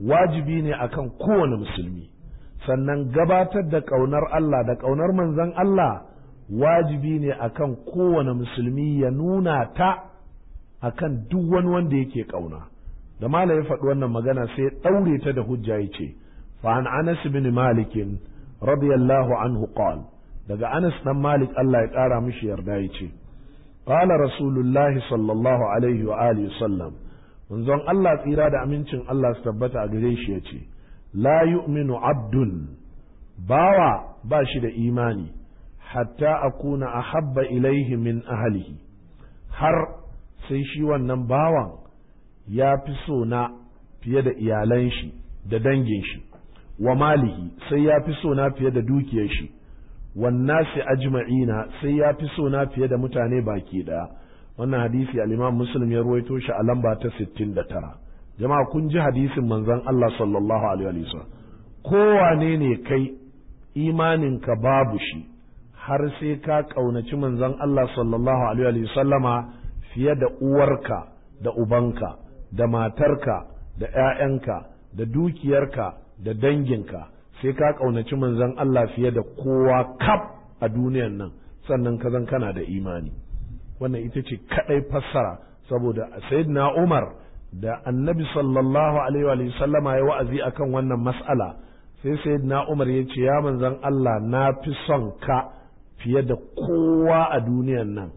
wajibi ne akan kowane musulmi sannan gabatar da ƙaunar Allah da ƙaunar manzon Allah wajibi ne akan kowane musulmi ya nuna ta akan duk wani wanda yake ƙauna da malam ya faɗi wannan magana sai ya ɗaure ta da hujja ya ce fa an anas bin malikin radiyallahu anhu qal daga Anas ɗan Malik Allah ya kara mishi yarda yace qala rasulullahi sallallahu alaihi wa sallam manzon Allah tsira da amincin Allah su tabbata a gare shi yace la yu'minu abdun bawa ba shi da imani hatta akuna ahabba ilaihi min ahlihi har sai shi wannan bawan ya fi so na fiye da iyalan shi da dangin shi wa malihi sai ya fi sona fiye da dukiyar shi wannasi ajma'ina sai ya fi sona fiye da mutane baki ɗaya wannan hadisi al-Imam Muslim ya ruwaito shi a lamba ta 69 jama'a kun ji hadisin manzon Allah sallallahu alaihi wasallam kowane ne kai imaninka babu shi har sai ka ƙaunaci manzon Allah sallallahu alaihi wasallama fiye da uwarka da ubanka da matarka da ƴaƴanka da dukiyarka da danginka sai ka ƙaunaci manzon Allah fiye da kowa kaf a duniyan nan sannan ka zan kana da imani wannan ita ce kaɗai fassara saboda sayyidina Umar da annabi sallallahu alaihi wa sallama ya wa'azi akan wannan mas'ala sai sayyidina Umar ya ce ya manzon Allah na fi son ka fiye da kowa a duniyan nan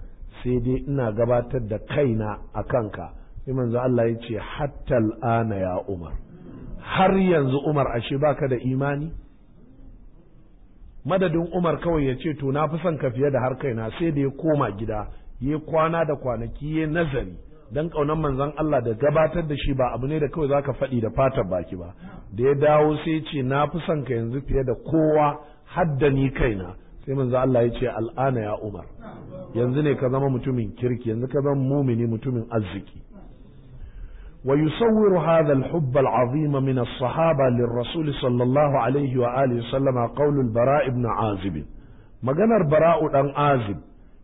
sai dai ina gabatar da kaina a kanka sai manzo Allah ya ce hatta al'ana ya Umar har yanzu umar ashe baka da imani madadin umar kawai ya ce to na fi son ka fiye da har kaina sai da ya koma gida ya kwana da kwanaki ya nazari dan kaunan manzon Allah da gabatar da shi ba abu ne da kawai za ka faɗi da fatar baki ba da ya dawo sai ce na fi son ka yanzu fiye da kowa har da ni kaina sai manzon Allah ya ce al'ana ya Umar yanzu ne ka zama mutumin kirki yanzu ka zama mumini mutumin arziki ويصور هذا الحب العظيم من الصحابة للرسول صلى الله عليه وآله وسلم قول البراء بن عازب maganar bara'u ɗan azib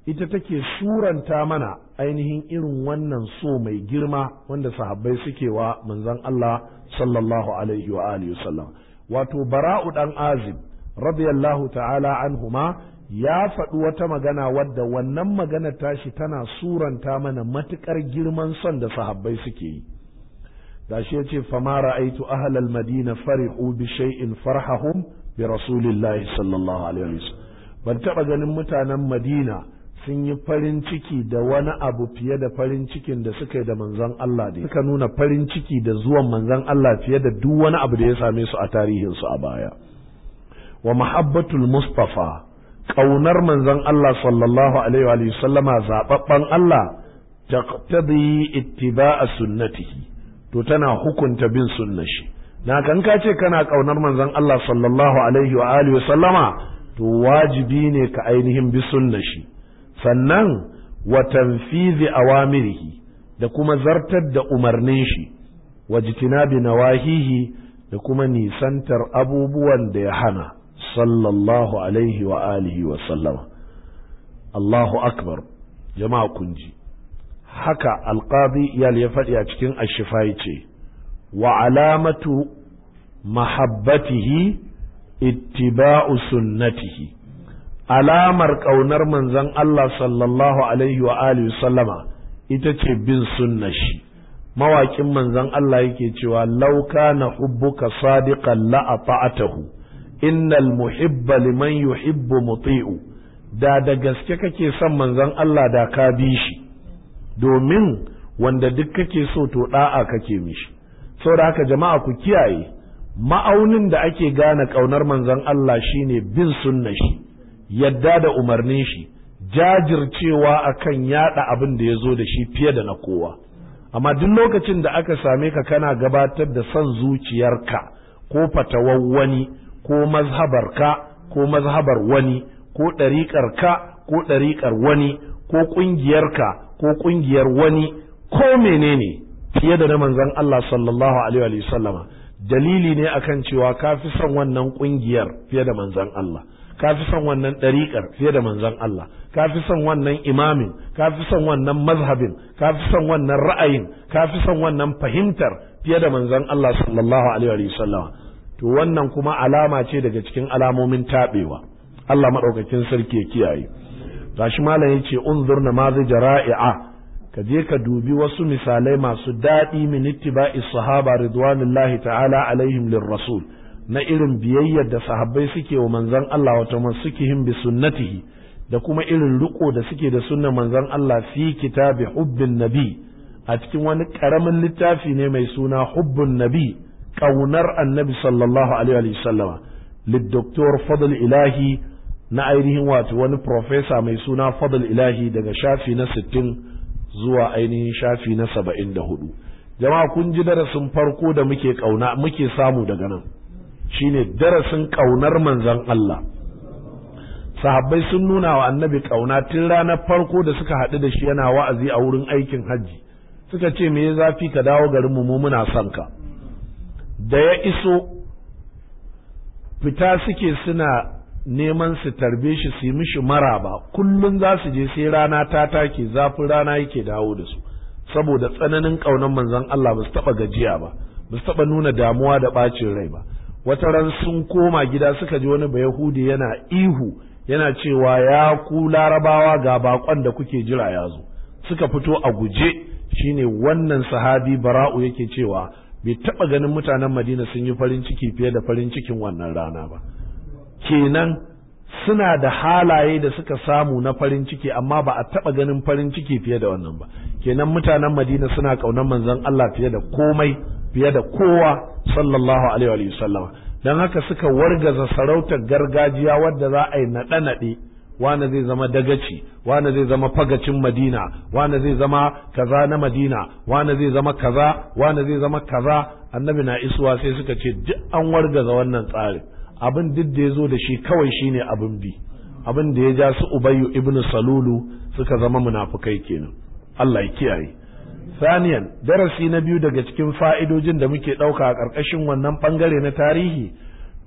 ita take suranta mana ainihin irin wannan so mai girma wanda sahabbai suke wa manzon Allah sallallahu alaihi wa alihi wasallam wato bara'u ɗan azib radiyallahu ta'ala anhuma ya faɗi wata magana wadda wannan magana tashi tana suranta mana matuƙar girman son da sahabbai suke yi gashi ya ce fama ra'aitu ahlal madina farihu bi shay'in farhahum bi rasulillahi sallallahu alaihi wasallam ban taba ganin mutanen madina sun yi farin ciki da wani abu fiye da farin cikin da suka yi da manzon Allah da suka nuna farin ciki da zuwan manzon Allah fiye da duk wani abu da ya same su a tarihin su a baya wa mahabbatul mustafa kaunar manzon Allah sallallahu alaihi wa sallama zababban Allah taqtadi ittiba'a sunnatihi to tana hukunta bin sunna shi na kan ka ce kana kaunar manzon Allah sallallahu alaihi wa alihi sallama to wajibi ne ka ainihin bi sunna shi sannan wa tanfizi awamirihi da kuma zartar da umarnin shi wa jitinabi nawahihi da kuma nisantar abubuwan da ya hana sallallahu alaihi wa alihi wa sallama Allahu akbar jama'a kun ji haka alqadi ya faɗi a cikin ashifa ce wa alamatu mahabbatihi ittiba'u sunnatihi alamar ƙaunar manzon Allah sallallahu alaihi wa alihi sallama ita ce bin sunnashi shi mawaƙin manzon Allah yake cewa law kana hubbuka sadiqan la ata'atahu innal muhibba liman yuhibbu muti'u da da gaske kake son manzon Allah da ka bi shi domin wanda duk kake so to da'a kake mishi saboda haka jama'a ku kiyaye ma'aunin da ake gane ƙaunar manzon Allah shine bin sunna shi yadda da umarnin shi jajircewa akan yada abin da ya zo da shi fiye da na kowa amma duk lokacin da aka same ka kana gabatar da son zuciyarka ko fatawar wani ko mazhabar ka ko mazhabar wani ko ɗariƙarka ko ɗariƙar wani ko ƙungiyarka ko kungiyar wani ko menene fiye da na manzon Allah sallallahu alaihi wa sallama dalili ne akan cewa ka fi son wannan kungiyar fiye da manzon Allah ka fi son wannan ɗariƙar fiye da manzon Allah ka fi son wannan imamin ka fi son wannan mazhabin ka fi son wannan ra'ayin ka fi son wannan fahimtar fiye da manzon Allah sallallahu alaihi wa sallama to wannan kuma alama ce daga cikin alamomin taɓewa Allah maɗaukakin sarki ya kiyaye gashi malam yace unzur na mazi jara'i'a ka je ka dubi wasu misalai masu daɗi min ittiba'i sahaba ridwanullahi ta'ala alaihim lirrasul na irin biyayyar da sahabbai suke wa manzon Allah wa tamassukihim bi sunnatihi da kuma irin riko da suke da sunnan manzon Allah fi kitabi hubbin nabi a cikin wani karamin littafi ne mai suna hubbun nabi kaunar annabi sallallahu alaihi wa sallama للدكتور فضل na ainihin wato wani profesa mai suna fadl ilahi daga shafi na sittin zuwa ainihin shafi na saba'in da hudu jama'a kun ji darasin farko da muke kauna muke samu daga nan shine darasin kaunar manzan Allah sahabbai sun nuna wa annabi kauna tun ranar farko da suka haɗu da shi yana wa'azi a wurin aikin hajji suka ce me ya zafi ka dawo garin mu muna son ka da ya iso fita suke suna neman su tarbe shi su yi mishi ba kullum za su je sai rana ta take zafin rana yake dawo da su saboda tsananin ƙaunar manzon Allah ba su taɓa gajiya ba ba su taɓa nuna damuwa da ɓacin rai ba wata ran sun koma gida suka ji wani bayahudi yana ihu yana cewa ya ku larabawa ga bakon da kuke jira ya zo suka fito a guje shine wannan sahabi bara'u yake cewa bai taɓa ganin mutanen madina sun yi farin ciki fiye da farin cikin wannan rana ba kenan suna da halaye da suka samu na farin ciki amma ba a taɓa ganin farin ciki fiye da wannan ba kenan mutanen madina suna ƙaunar manzon Allah fiye da komai fiye da kowa sallallahu alaihi wa sallama don haka suka wargaza sarautar gargajiya wadda za a yi naɗe-naɗe wane zai zama dagaci wane zai zama fagacin madina wane zai zama kaza na madina wane zai zama kaza wane zai zama kaza annabi na isuwa sai suka ce duk an wargaza wannan tsarin abin didda da ya zo da shi kawai shine abin bi abin da ya ja su ubayyu ibn salulu suka zama munafukai kenan Allah ya kiyaye saniyan darasi na biyu daga cikin fa'idojin da muke ɗauka a ƙarƙashin wannan ɓangare na tarihi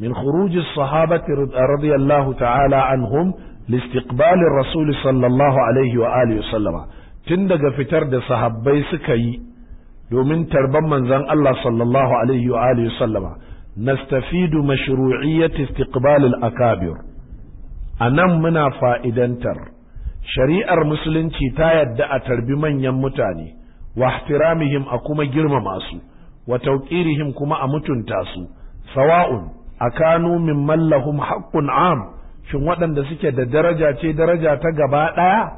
min khuruji sahabati radiyallahu ta'ala anhum listiqbalin rasul sallallahu alaihi wa alihi sallama tun daga fitar da sahabbai suka yi domin tarban manzon Allah sallallahu alaihi wa alihi sallama nastafidu mashru'iyyat istiqbal al-akabir nan muna fa'idantar shari'ar musulunci ta yadda a tarbi manyan mutane wa a kuma girmama su wa kuma a mutunta su sawa'un a mimman lahum haƙƙun am shin waɗanda suke da daraja ce daraja ta gaba ɗaya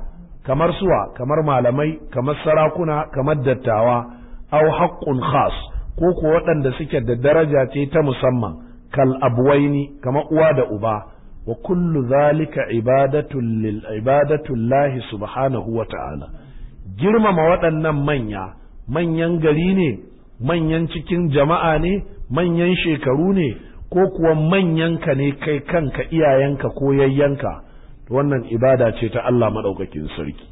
kamar suwa kamar malamai kamar sarakuna kamar dattawa au haƙƙun khas ko ko waɗanda suke da daraja ce ta musamman kal abwaini kama uwa da uba wa kullu zalika ibadatun lil ibadatun lahi subhanahu wa ta'ala girmama waɗannan manya manyan gari ne manyan cikin jama'a ne manyan shekaru ne ko kuwa manyan ka ne kai kanka iyayenka ko yayyanka wannan ibada ce ta Allah madaukakin sarki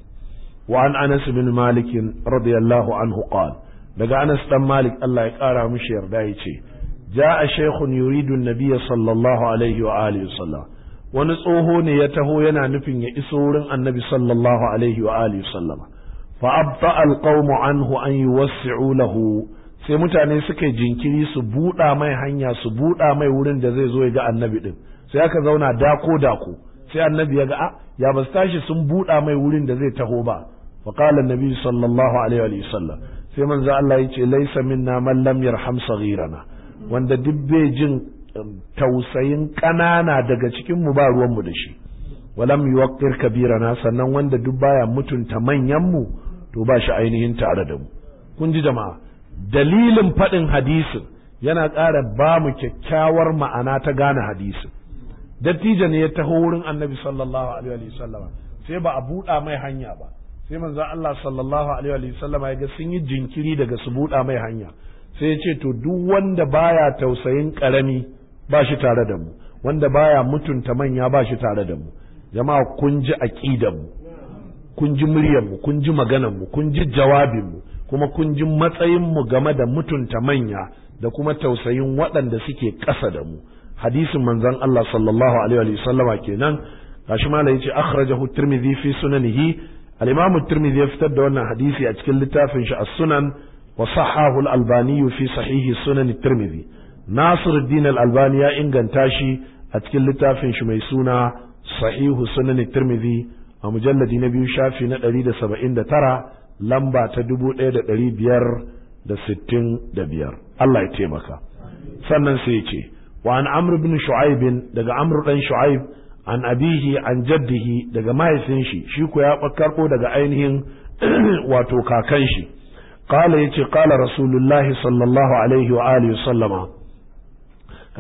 wa an Anas bin Malik radiyallahu anhu qala daga anas dan malik Allah ya kara mishi yarda ya ce ja'a shaykhun yuridu an-nabiy sallallahu alaihi wa alihi sallam, wani tsoho ne ya taho yana nufin ya iso wurin annabi sallallahu alaihi wa alihi sallam fa abta al-qawm anhu an yuwassi'u lahu sai mutane suka jinkiri su buɗa mai hanya su buɗa mai wurin da zai zo ya ga annabi din sai aka zauna dako dako sai annabi ya ga a ah, ya ba tashi sun buɗa mai wurin da zai taho ba fa qala annabi sallallahu alaihi wa sallam sai manzo Allah ya ce laisa minna man lam yarham saghirana wanda duk bai jin um, tausayin kanana daga cikin mu ba ruwan mu da shi walam yuqir kabirana sannan wanda duk baya mutunta manyan mu to ba shi ainihin tare da mu kun ji jama'a dalilin fadin hadisin yana ƙara ba mu kyakkyawar ma'ana ta gane hadisin dattijo ne ya taho wurin annabi sallallahu alaihi wasallam sai ba a buɗa mai hanya ba sai manzo Allah sallallahu alaihi wa sallama ya ga sun yi jinkiri daga su buɗa mai hanya sai ya ce to duk wanda baya tausayin karami ba shi tare da mu wanda baya mutunta manya ba shi tare da mu jama'a kun ji aqidan mu kun ji muryar mu kun ji maganar mu kun ji jawabin mu kuma kun ji matsayin mu game da mutunta manya da kuma tausayin waɗanda suke ƙasa da mu hadisin manzon Allah sallallahu alaihi wa sallama kenan gashi ya ce akhrajahu tirmidhi fi sunanihi al-imamu ya fitar da wannan hadisi a cikin littafin shi a sunan wa sahahu al sahihi sunan tirmidhi Nasiru al-albani ya inganta shi a cikin littafin shi mai suna sahihu sunani tirmidhi a mujalladi na biyu shafi na da da tara lamba ta dubu da da da biyar sittin biyar. Allah ya taimaka sannan sai ya ce wa an amr ibn shu'aib daga amr ɗan shu'aib an abihi an jaddihi daga mahaifin shi shi ko ya karko daga ainihin wato kakan shi qala yace qala rasulullahi sallallahu alaihi wa alihi sallama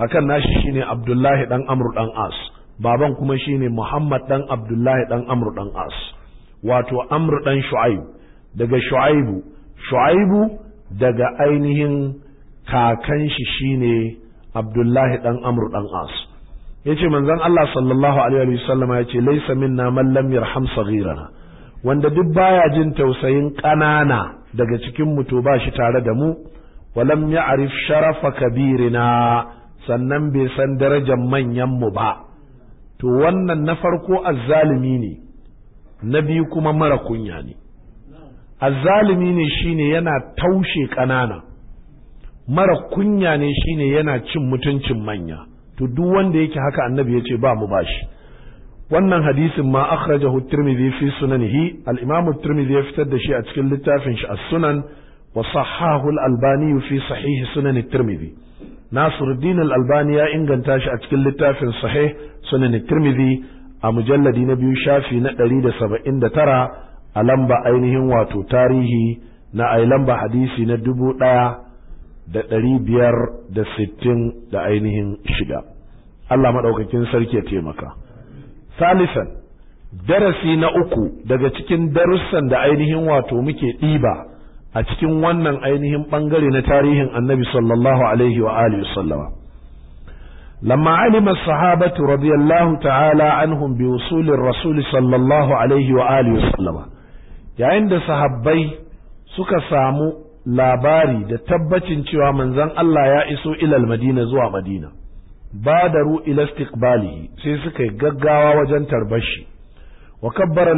kakan nashi shine abdullahi dan amru dan as baban kuma shine muhammad dan abdullahi dan amru dan as wato amru dan shu'aib daga shu'aibu shu'aibu daga ainihin kakan shi shine abdullahi dan amru dan as yace manzon Allah sallallahu alaihi wasallam yace laysa minna man lam yarham saghirana wanda duk baya jin tausayin ƙanana daga cikin mu to ba shi tare da mu walam ya'rif sharafa kabirina sannan bai san darajar manyan mu ba to wannan na farko azzalimi ne na biyu kuma mara kunya ne azzalimi ne shine yana taushe ƙanana mara kunya ne shine yana cin mutuncin manya to duk wanda yake haka annabi ya ce ba mu bashi wannan hadisin ma akhrajahu tirmidhi fi sunanihi al imamu tirmidhi ya fitar da shi a cikin littafin shi as-sunan wa sahahu al-albani fi sahih sunan tirmidhi nasiruddin al-albani ya inganta shi a cikin littafin sahih sunan tirmidhi a mujalladi na biyu shafi na 179 a lamba ainihin wato tarihi na ai lamba hadisi na dubu ɗaya da ɗari biyar da sittin da ainihin shida Allah maɗaukakin sarki ya taimaka salisan darasi na uku daga cikin darussan da ainihin wato muke ɗiba a cikin wannan ainihin ɓangare na tarihin annabi sallallahu alaihi wa alihi sallama lamma alima sahabatu radiyallahu ta'ala anhum bi wusulin rasul sallallahu alaihi wa alihi sallama yayin da sahabbai suka samu labari da tabbacin cewa manzon Allah ya iso ilal madina zuwa madina badaru ila istiqbalihi sai suka yi gaggawa wajen tarbashi wa kabbara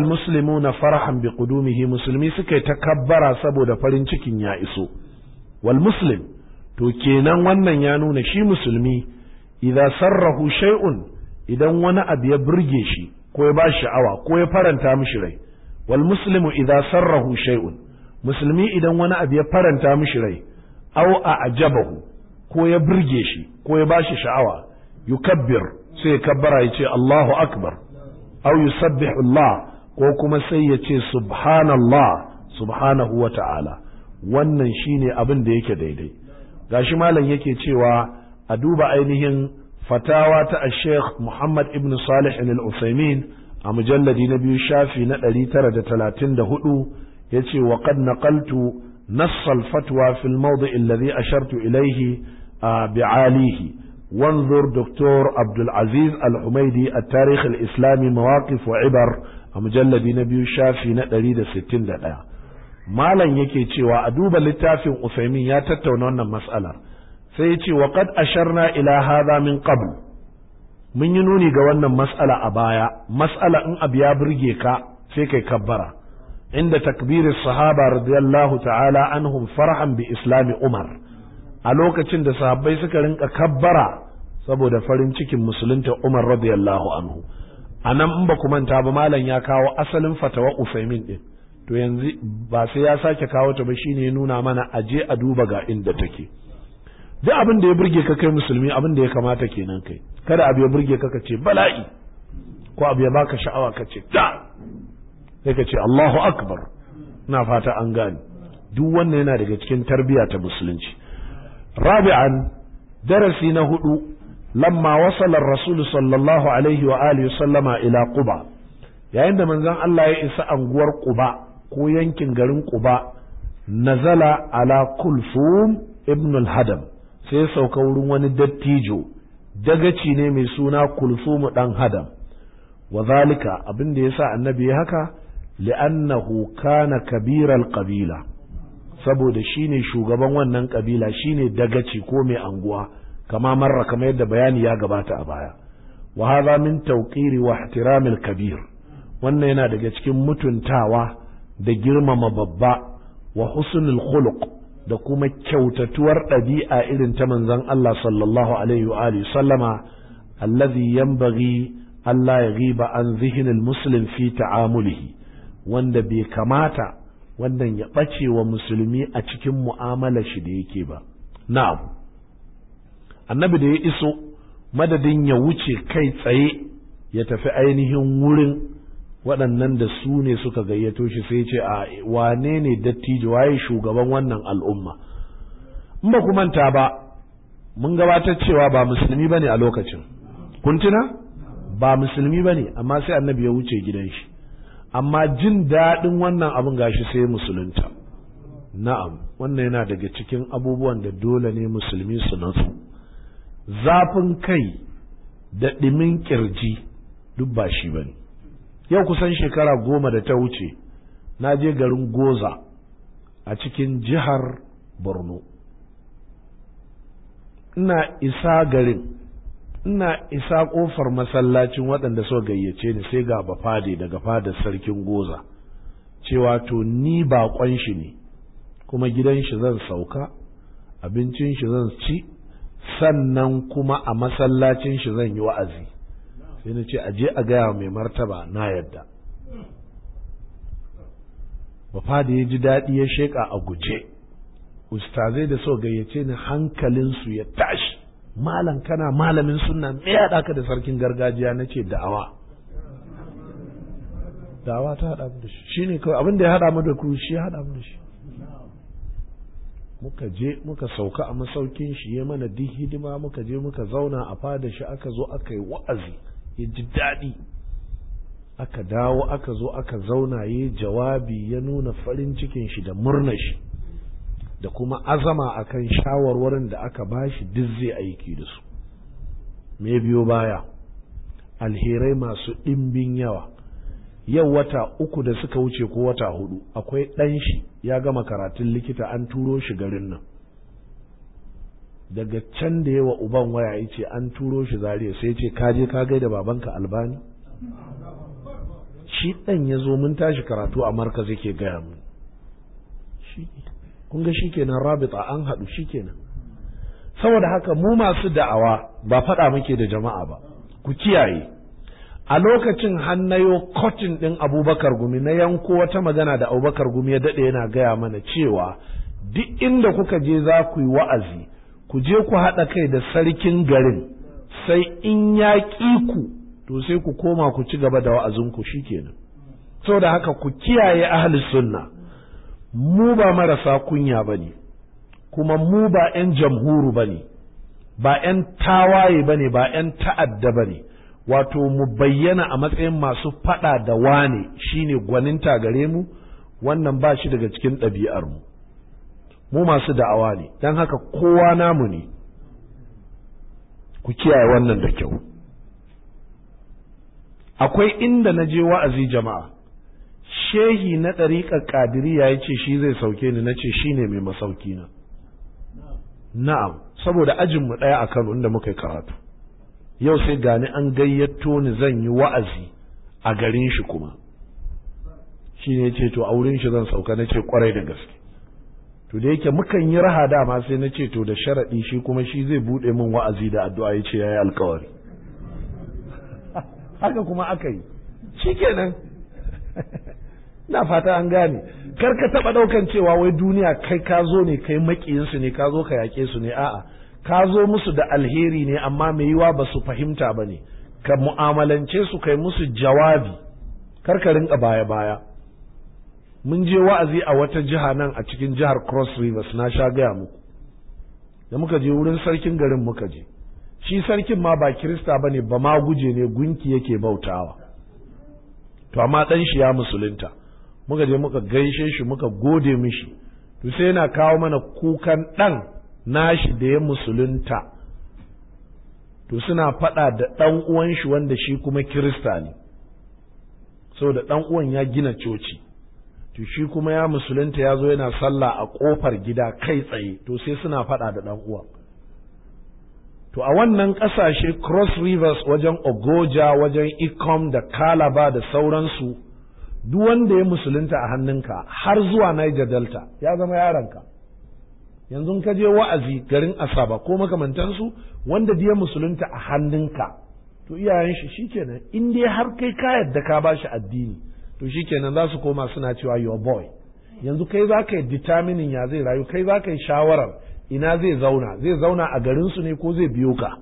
na farahan bi qudumihi musulmi suka yi takabbara saboda farin cikin ya iso wal muslim to kenan wannan ya nuna shi musulmi idza sarrahu shay'un idan wani abu ya burge shi ko ya ba sha'awa ko ya faranta mishi rai wal muslimu idza sarrahu shay'un musulmi idan wani abu ya faranta mishi rai au a ajabahu ko ya birge shi ko ya bashi sha'awa yukabbir sai ya kabbara ya ce Allahu akbar au yusabbihu Allah ko kuma sai ya ce subhanallah subhanahu wa ta'ala wannan shine abin da yake daidai gashi malam yake cewa a duba ainihin fatawa ta Sheikh Muhammad ibn Salih al-Utsaimin a mujalladi na biyu shafi na 934 yace wa qad naqaltu nass al-fatwa fi al-mawdi' alladhi ashartu ilayhi bi'alihi وانظر دكتور عبد العزيز الحميدي التاريخ الإسلامي مواقف وعبر مجلد نبي شافي نقري دا ستين دا دا مالا يكي تيوى أدوب للتافي أثيمين يا تتونون مسألة سيتي وقد أشرنا إلى هذا من قبل من ينوني قوانا مسألة أبايا مسألة أن أبيا برجيكا سيكي كبرا inda takbirin sahaba radiyallahu ta'ala anhum farhan bi islami umar a lokacin da sahabbai suka rinka kabbara saboda farin cikin musulunta umar radiyallahu anhu a nan in ku manta ba malam ya kawo asalin fatawa usaimin ɗin. to yanzu ba sai ya sake kawo ta ba shine ya nuna mana a aje a duba ga inda take duk abin da ya burge ka kai musulmi abin da ya kamata kenan kai kada abu ya burge ka ka ce bala'i ko abu ya baka sha'awa ka ce da sai ka ce Allahu akbar na fata an gane duk wannan yana daga cikin tarbiya ta musulunci rabi'an darasi na hudu lamma wasalar rasulu sallallahu alaihi wa alihi sallama ila quba yayin da manzon Allah ya isa anguwar quba ko yankin garin quba nazala ala kulfum ibn al-hadam sai ya sauka wurin wani dattijo dagaci ne mai suna kulfumu dan hadam wa zalika abin da yasa annabi ya haka li'annahu kana kabirar kabila saboda shine shugaban wannan kabila shine dagaci ko mai anguwa kama marra kama yadda bayani ya gabata a baya wa hadha min tawqiri wa ihtiramil kabir wannan yana daga cikin mutuntawa da girmama babba wa husnul khuluq da kuma kyautatuwar ɗabi'a irin ta manzon Allah sallallahu alaihi wa alihi sallama allazi yanbaghi Allah ya ghiba an zihinil muslim fi ta'amulihi wanda bai kamata wannan ya ɓace wa musulmi a cikin mu'amala shi da yake ba na'am annabi da ya iso madadin ya wuce kai tsaye ya tafi ainihin wurin waɗannan da su ne suka gayyato shi sai ce a wane ne dattijo waye shugaban wannan al'umma in ba ku manta ba mun gabatar cewa ba musulmi ba ne a lokacin kun ba musulmi bane amma sai annabi ya wuce gidan shi amma jin daɗin wannan abin gashi sai musulunta na'am wannan yana daga cikin abubuwan da dole ne musulmi su natsu zafin kai da ɗimin ƙirji duk ba shi bane yau kusan shekara goma da ta wuce na je garin goza a cikin jihar borno ina isa garin ina isa ƙofar masallacin waɗanda suka gayyace ni sai ga bafade daga fadar sarkin goza cewa to ni baƙon shi ne kuma gidan shi zan sauka abincin shi zan ci sannan kuma a masallacin shi zan yi wa'azi sai na ce aje a gaya mai martaba na yadda bafade ya ji daɗi ya sheƙa a guje ustazai da so gayyace ni su ya tashi malam kana malamin sunna me ya haɗa ka da sarkin gargajiya na ce da'awa da'awa ta haɗa mu da shi shi ne kawai abin ya haɗa mu da ku shi ya haɗa mu da shi muka je muka sauka a masaukin shi ya mana duk hidima muka je muka zauna a fada shi aka zo aka yi wa'azi ya ji daɗi aka dawo aka zo aka zauna ya jawabi ya nuna farin cikin shi da murnar shi da kuma azama a kan shawarwarin da aka bashi duk zai aiki da su me biyo baya alherai masu ɗimbin yawa yau wata uku da suka wuce ko wata hudu akwai ɗan shi ya gama karatun likita an turo shi garin nan daga can da yawa uban waya ya ce an turo shi zariya sai ce kaje ka da babanka albani shi ɗan ya zo mun tashi karatu a markaz yake gaya mu shi kun ga shikenan rabita an haɗu kenan saboda haka mu masu da'awa ba faɗa muke da jama'a ba ku kiyaye a lokacin hannayo kotin ɗin abubakar gumi na yanko wata magana da abubakar gumi ya daɗe yana gaya mana cewa duk inda kuka je za ku yi wa'azi ku je ku haɗa kai da sarkin garin sai in ya ƙi ku to sai ku koma ku ci gaba da wa'azinku shikenan saboda haka ku kiyaye ahli sunna mu ba marasa kunya ba ne kuma mu ba 'yan jamhuru ba ne ba 'yan tawaye ba ne ba 'yan ta'adda ba ne wato mu bayyana a matsayin masu faɗa da wane shi ne gwaninta gare mu wannan ba shi daga cikin ɗabi'armu mu masu da'awa ne don haka kowa namu ne ku kiyaye wannan da kyau akwai inda na je wa'azi jama'a shehi na ɗariƙar ƙadiri ya ce shi zai sauke ni na ce shi ne mai masauki na na'am saboda ajinmu ɗaya a kano inda muka yi karatu yau sai gani an gayyato ni zan yi wa'azi a garin shi kuma shi ne ce to a wurin shi zan sauka na ce kwarai da gaske to da yake mukan yi raha dama sai na ce to da sharaɗi shi kuma shi zai buɗe min wa'azi da addu'a ya ce ya yi alkawari haka kuma aka yi shi kenan Ina fata an gane kar ka taɓa daukan cewa wai duniya kai ka zo ne kai makiyinsu ne ka zo ka yake su ne a'a ka zo musu da alheri ne amma mai yiwa ba su fahimta ba ne ka mu'amalance su kai musu jawabi kar ka rinka baya baya mun je wa'azi a wata jiha nan a cikin jihar cross rivers na sha gaya muku da muka je wurin sarkin garin muka je shi sarkin ma ba kirista ba ne ba ma guje ne gunki yake bautawa to amma ɗan shi ya musulunta muka je muka gaishe shi muka gode mishi to sai yana kawo mana kukan ɗan nashi da ya musulunta to suna faɗa da ɗan uwan shi wanda shi kuma kirista ne saboda ɗan uwan ya gina coci to shi kuma ya musulunta ya zo yana sallah a ƙofar gida kai tsaye to sai suna faɗa da ɗan uwan to a wannan ƙasashe cross rivers wajen ogoja wajen ikom da kalaba da sauransu duk wanda ya musulunta a hannunka har zuwa Niger Delta ya zama yaranka yanzu ka je wa'azi garin Asaba ko makamantansu wanda ya musulunta a hannunka to iyayen shi shikenan in dai har kai ka yadda ka bashi addini to shikenan za su koma suna cewa your boy yanzu kai za ka yi ya zai rayu kai za ka yi shawarar ina zai zauna zai zauna a garin su ne ko zai biyo ka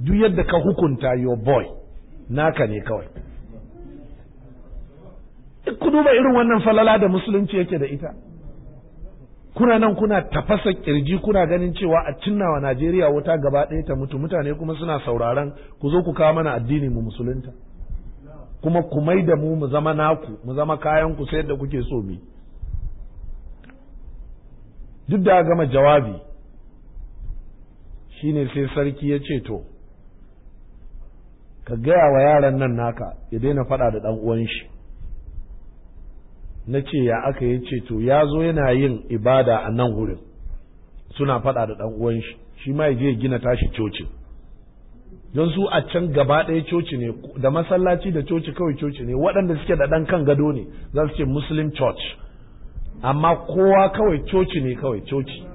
duk yadda ka hukunta your boy naka ne kawai ku duba irin wannan falala da musulunci yake da ita kuna nan kuna tafasa kirji kuna ganin cewa a cinnawa Najeriya wuta gaba ɗaya ta mutu mutane kuma suna sauraron ku zo ku kawo mana addini mu musulunta kuma ku mai da mu mu zama naku mu zama kayan ku sai da kuke so bi duk da gama jawabi shine sai sarki ya ce to ka gaya wa yaran nan naka ya daina faɗa da ɗan uwan na ce ya aka yi ce to ya zo yana yin ibada a nan wurin suna faɗa da ɗan uwan shi shi ma ya gina tashi cocin don su a can gaba ɗaya coci ne da masallaci da coci kawai coci ne waɗanda suke da ɗan kan gado ne za su ce muslim church amma kowa kawai coci ne kawai coci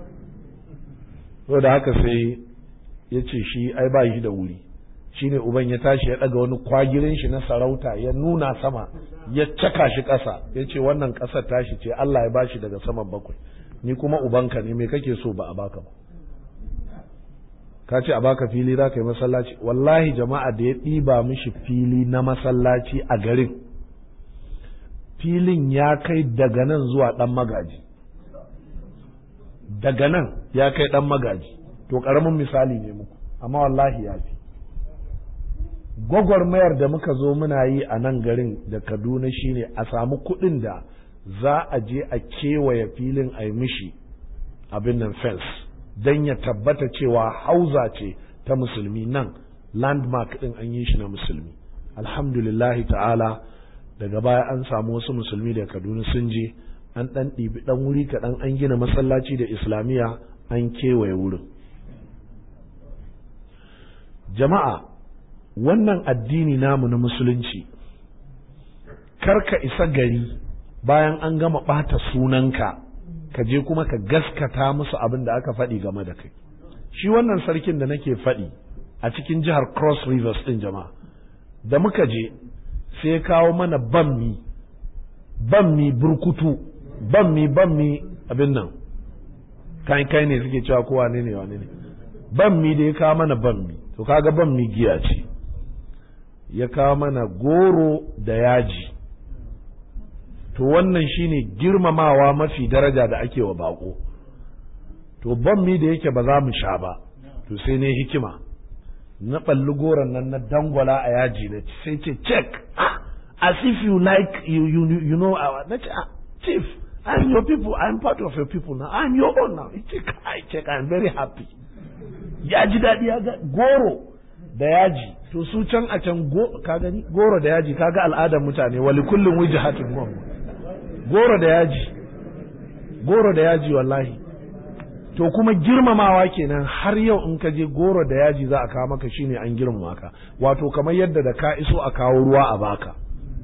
da haka sai ya ce shi ai ba shi da wuri shine uban ya tashi ya daga wani kwagirin shi na sarauta ya nuna sama ya caka shi ƙasa ya ce wannan ƙasar tashi ce Allah ya bashi daga saman bakwai ni kuma ubanka ne me kake so ba a baka ba ka ce a baka fili za ka yi masallaci wallahi jama'a da ya ɗiba mishi fili na masallaci a garin filin ya kai daga nan zuwa ɗan magaji daga nan ya kai ɗan magaji to ƙaramin misali ne muku amma wallahi ya fi gwagwarmayar da muka zo muna yi a nan garin da kaduna shine a samu kuɗin da za a je a kewaye filin a yi mishi abin nan fels don ya tabbata cewa hauza ce ta musulmi nan landmark ɗin an yi shi na musulmi alhamdulillahi ta'ala daga baya an samu wasu musulmi da kaduna sun je an ɗan ɗibi ɗan wuri kaɗan an gina masallaci da islamiyya an kewaye wurin jama'a wannan addini namu na musulunci karka isa gari bayan an gama ɓata sunanka ka je kuma ka gaskata musu abin da aka faɗi game da kai shi wannan sarkin da nake faɗi a cikin jihar cross rivers ɗin jama'a da muka je sai kawo mana bammi bammi burkutu bammi bammi abin nan kai kai ne suke cewa kowa ne ne wani ne bammi da ya kawo mana bammi to kaga bammi giya ce ya kawo mana goro da yaji to wannan shine girmamawa mafi daraja da ake wa bako to ban mi da yake ba za mu sha ba to sai ne hikima na ɓalli goron nan na dangwala a yaji na sai ce check ah, as if you like you you, you know our uh, na ce ah, chief I'm your people I'm part of your people now I'm your own now ce kai check I'm very happy ya ji daɗi ya ga goro da yaji to su can a can ka goro da yaji kaga al'adar mutane wali kullum wijhatin gom goro da yaji goro da yaji wallahi to kuma girmamawa kenan har yau in ka je goro da yaji za a kawo maka shine an girmama ka wato kamar yadda da ka iso a kawo ruwa a baka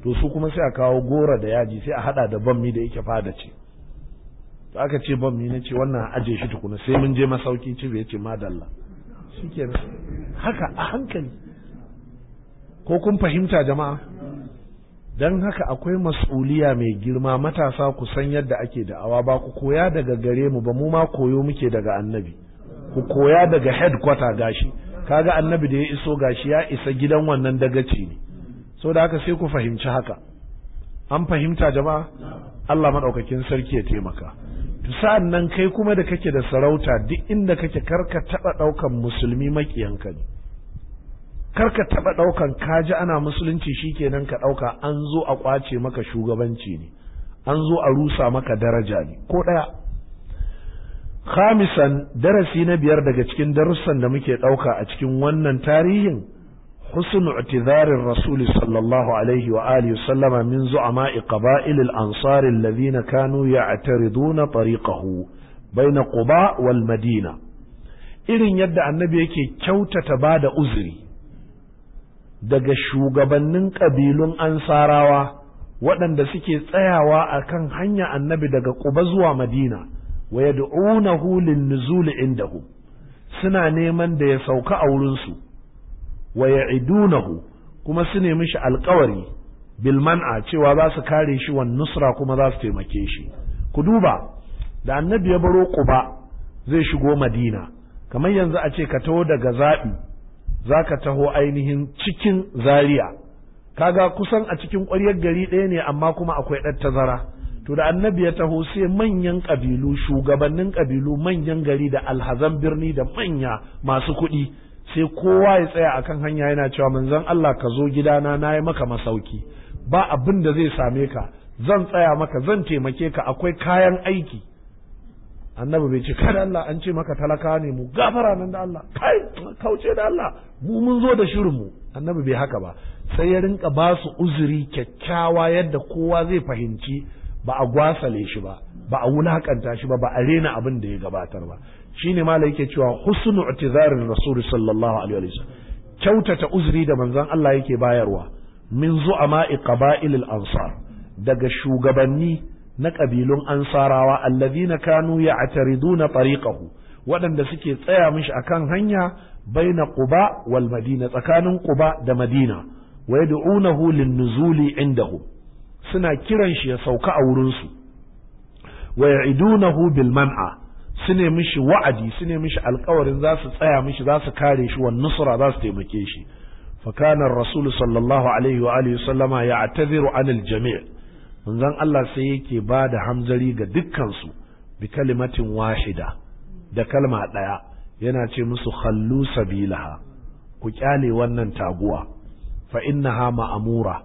to su kuma sai a kawo goro da yaji sai a hada da bammi da yake fada ce to aka ce bammi na ce wannan aje shi tukuna sai mun je masauki ci bai ce madalla shikenan haka a hankali ko kun fahimta jama'a don haka akwai mas'uliya mai girma matasa ku san yadda ake da'awa ba ku koya daga gare mu ba mu ma koyo muke daga annabi ku koya daga headquarter gashi kaga annabi da ya iso gashi ya isa gidan wannan dagaci ne so da haka sai ku fahimci haka an fahimta jama'a Allah maɗaukakin sarki ya taimaka sa'an nan kai kuma da kake da sarauta duk inda kake karka taɓa ɗaukan musulmi ka ne kar ka taɓa ɗaukan kaji ana musulunci shikenan ka ɗauka an zo a ƙwace maka shugabanci ne an zo a rusa maka daraja ne ko ɗaya khamisan darasi na biyar daga cikin darussan da muke ɗauka a cikin wannan tarihin husnu i'tizarin rasul sallallahu alaihi wa alihi sallama min zu'ama'i qaba'il al-ansar alladhina kanu ya'tariduna tariqahu baina quba wal madina irin yadda annabi yake kyautata bada uzuri daga shugabannin kabilun ansarawa waɗanda suke tsayawa a kan hanya annabi daga ƙuba zuwa madina wa yad'unahu lin-nuzul indahu suna neman da ya sauka a wurinsu wa idunahu kuma su nemi shi alƙawari Bilman'a cewa za su kare shi wa nusra kuma za su taimake shi ku duba da annabi ya baro ƙuba zai shigo madina kamar yanzu a ce ka taho daga zaɓi za ka taho ainihin cikin zaria kaga kusan a cikin ƙwaryar gari ɗaya ne amma kuma akwai ɗan tazara to da annabi ya taho sai manyan ƙabilu shugabannin ƙabilu manyan gari da alhazan birni da manya masu kuɗi sai kowa ya tsaya akan hanya yana cewa manzon Allah ka zo gidana na yi maka masauki ba abin da zai same ka zan tsaya maka zan taimake ka akwai kayan aiki annabi bai ce kada Allah an ce maka talaka ne mu gafara nan da Allah kai kauce da Allah mu mun zo da shirin mu annabi bai haka ba sai ya rinka ba su uzuri kyakkyawa yadda kowa zai fahimci ba a gwasale shi ba ba a wulakanta shi ba ba a rena abin da ya gabatar ba shine malai yake cewa husnu i'tizarin rasul sallallahu alaihi wasallam kyautata uzuri da manzon Allah yake bayarwa min zu'ama qaba'ilil ansar daga shugabanni na ƙabilun ansarawa allazi na kanu ya na tariqahu waɗanda suke tsaya mishi akan hanya baina ƙuba wal madina tsakanin ƙuba da madina wa yad'unahu lin-nuzuli indahum suna kiran shi ya sauka a wurin su wa ya'idunahu bil man'a su ne mishi wa'adi su ne mishi alkawarin za su tsaya mishi za su kare shi wa nusra za su taimake shi fa kana ar-rasul sallallahu alaihi wa alihi sallama ya'tadhiru anil jami' manzon Allah sai yake ba da hamzari ga dukkansu bi kalimatin wahida da kalma ɗaya yana ce musu khallu sabilaha ku kyale wannan taguwa fa innaha ma'amura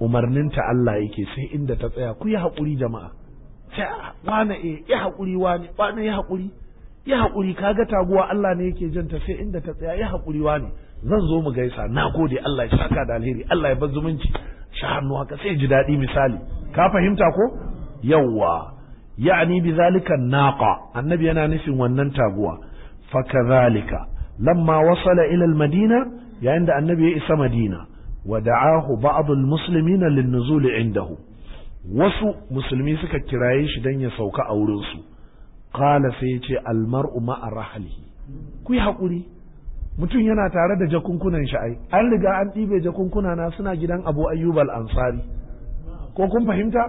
umarninta Allah yake sai inda ta tsaya ku yi haƙuri jama'a ta ah, wane eh yi haƙuri wane wane Yi haƙuri yi haƙuri kaga taguwa Allah ne yake janta sai inda ta tsaya yi haƙuri wane zan zo mu gaisa na gode Allah ya saka da alheri Allah ya bar zumunci shi hannu haka sai ji daɗi misali ka fahimta ko yawwa ya'ni bi zalika naqa annabi yana nufin wannan taguwa fa kadhalika lamma wasala ila madina yayin da annabi ya isa madina wa da'ahu ba'd musulmi na linnuzulu nuzul indahu wasu musulmi suka kiraye shi dan ya sauka a wurin su qala sai ya ce al-mar'u ma'a rahlihi ku yi hakuri mutum yana tare da jakunkunan shi an riga an ɗibe jakunkuna na suna gidan abu ayyubal ansari ko kun fahimta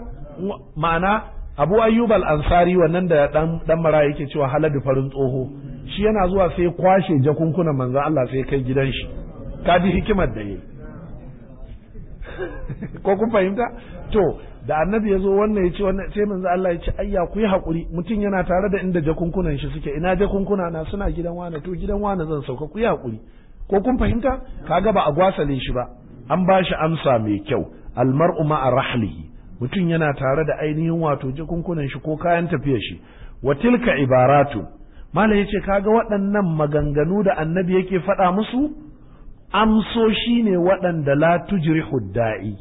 ma'ana abu ayyubal ansari wannan da dan dan mara yake cewa haladu farin tsoho shi yana zuwa sai kwashe jakunkunan manzon Allah sai kai gidan shi ka ji hikimar da yi ko kun fahimta to da annabi ya zo wannan ya ce wannan sai manzo Allah ya ce ayya ku yi hakuri mutum yana tare da inda jakunkunan shi suke ina jakunkuna na suna gidan wane to gidan wane zan sauka ku yi hakuri ko kun fahimta kaga ba a gwasale shi ba an ba shi amsa mai kyau almar'u ma rahlihi mutum yana tare da ainihin wato jakunkunan shi ko kayan tafiyar shi wa tilka ibaratu mala yace kaga waɗannan maganganu da annabi yake faɗa musu amsoshi ne waɗanda la tujrihu da'i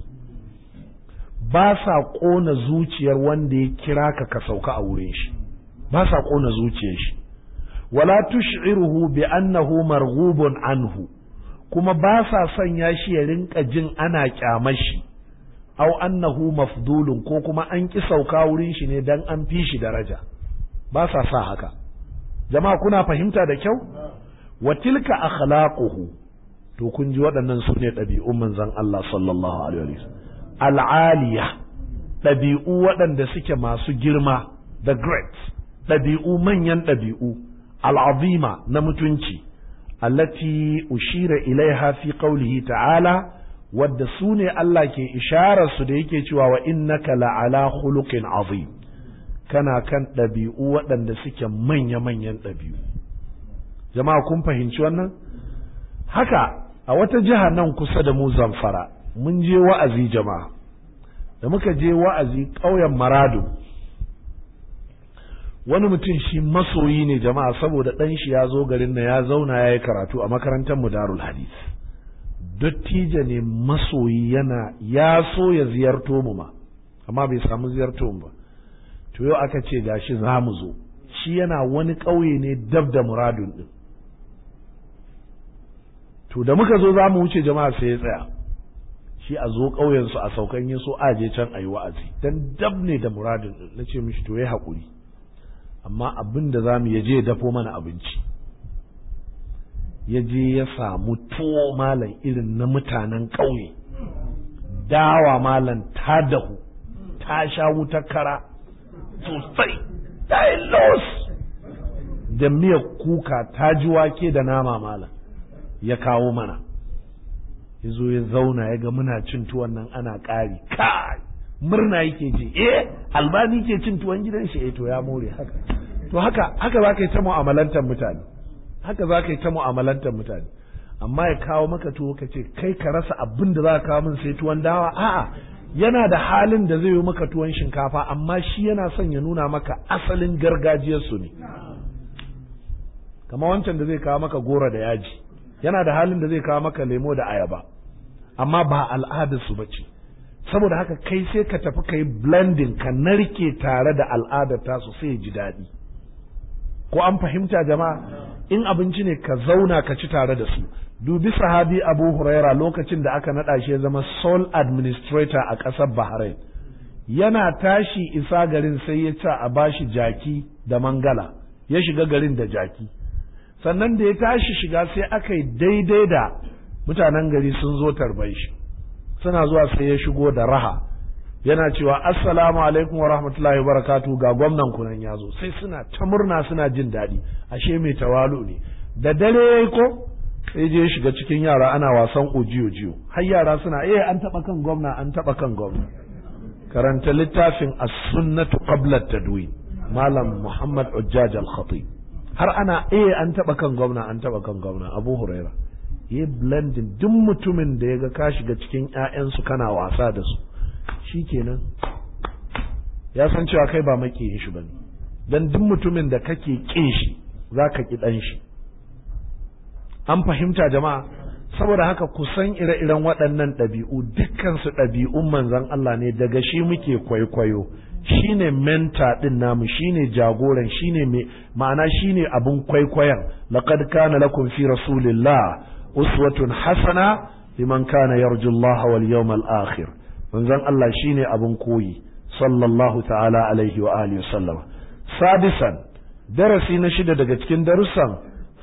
ba sa ƙona zuciyar wanda ya kira ka ka sauka a wurin shi ba sa ƙona zuciyar shi wala tush'iruhu bi annahu marghubun anhu kuma ba sa sanya shi ya rinka jin ana kyamar shi au annahu mafdulun ko kuma an ki sauka wurin shi ne dan an fi shi daraja ba sa sa haka jama'a kuna fahimta da kyau wa tilka akhlaquhu to kun ji waɗannan su ne ɗabi'un manzon Allah sallallahu alaihi wasallam al'aliya ɗabi'u waɗanda suke masu girma the great ɗabi'u manyan ɗabi'u al'azima na mutunci allati ushira ilaiha fi qawlihi ta'ala wadda su ne Allah ke su da yake cewa wa innaka la'ala khuluqin azim kana kan ɗabi'u waɗanda suke manya-manyan ɗabi'u jama'a kun fahimci wannan haka a wata jiha nan kusa da mu zamfara mun je wa'azi jama'a da muka je wa'azi ƙauyen maradu wani mutum shi masoyi ne jama'a saboda ɗan shi ya zo garin na ya zauna ya yi karatu a makarantar mu darul hadis dattijo ne masoyi yana ya so ya ziyarto mu ma amma bai samu ziyarto mu ba to yau aka ce gashi za mu zo shi yana wani ƙauye ne dab da muradun ɗin to da muka zo za mu wuce jama'a sai ya tsaya shi a zo ƙauyensu a saukan yin so aje can a yi wa'azi dan dab ne da muradin na ce mishi to ya haƙuri amma abin da za mu ya je dafo mana abinci ya je ya samu tuwo malam irin na mutanen ƙauye dawa malam ta dahu ta sha wutar kara sosai ta yi los da miyar kuka ta ji wake da nama malam ya kawo mana Yazo ya zauna ya ga muna cin tuwon nan ana ƙari kai murna yake ji eh albani ke cin tuwon gidan shi eh to ya more haka to haka haka za ka yi ta mu'amalantar mutane haka za ka yi ta mu'amalantar mutane amma ya kawo maka tuwo ka ce kai ka rasa abin da za ka kawo min sai tuwon dawa a'a yana da halin da zai yi maka tuwon shinkafa amma shi yana son ya nuna maka asalin gargajiyarsu ne kama wancan da zai kawo maka goro da yaji yana da halin da zai kawo maka lemo da ayaba amma ba al'adarsu ba ce saboda haka kai sai ka tafi ka yi blending ka narke tare da al'adar tasu sai ji daɗi ko an fahimta jama'a in abinci ne ka zauna ka ci tare da su dubi sahabi abu huraira lokacin da aka naɗa shi ya zama sole administrator a ƙasar bahrain yana tashi isa garin sai ya ci a bashi jaki da mangala ya shiga garin da jaki sannan da ya tashi shiga sai aka yi daidai da mutanen gari sun zo tarbai shi suna zuwa sai ya shigo da raha yana cewa assalamu alaikum wa rahmatullahi wa barakatu ga gwamnan kunan ya zo sai suna ta murna suna jin daɗi ashe mai tawalu ne da dare ya yi ko sai je shiga cikin yara ana wasan ujiyo-jiyo har yara suna eh an taɓa kan gwamna an taɓa kan gwamna karanta littafin as-sunnatu qabla tadwin malam muhammad ujjaj al-khatib har ana eh an taba kan gwamna an taba kan gwamna abu huraira yi blending duk mutumin da ya ga ka shiga cikin 'ya'yansu kana wasa da su shi kenan ya san cewa kai ba yin shi bane dan don duk mutumin da kake ƙin shi zaka ki ƙi ɗan shi an fahimta jama'a saboda haka kusan ire-iren waɗannan ɗabi'u dukkansu ɗabi'un manzon Allah ne daga shi muke kwaikwayo shine menta din namu shine jagoran shine mai ma'ana shine abun kwaikwayon laqad kana lakum fi rasulillah uswatun hasana liman kana yarjullaha wal yawmal akhir manzon Allah shine abun koyi sallallahu ta'ala alaihi wa alihi wasallam sadisan darasi na shida daga cikin darussan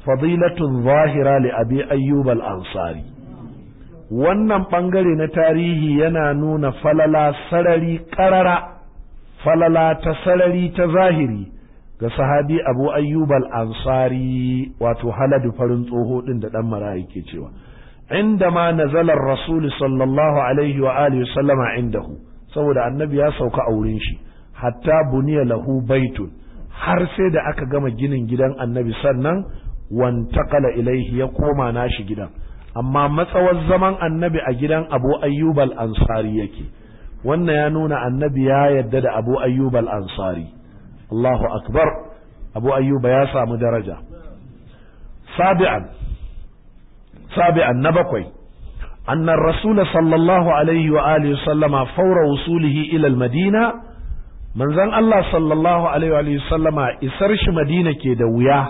fadilatun zahira li abi ayyub al ansari wannan bangare na tarihi yana nuna falala sarari karara falala ta sarari ta zahiri ga sahabi abu ayyubal ansari wato haladu farin tsoho din da dan mara ke cewa inda ma nazalar rasul sallallahu alaihi wa alihi sallama indahu saboda annabi ya sauka a wurin shi hatta buniya lahu baitun har sai da aka gama ginin gidan annabi sannan wantakala ilaihi ya koma nashi gidan amma matsawar zaman annabi a gidan abu ayyubal ansari yake wannan ya nuna annabi ya yadda da abu ayyub al-ansari Allahu akbar abu ayyub ya samu daraja sabi'an sabi'an na bakwai أن الرسول صلى الله عليه وآله وسلم فور وصوله إلى المدينة من زن الله صلى الله عليه وآله وسلم إسرش مدينة كدوية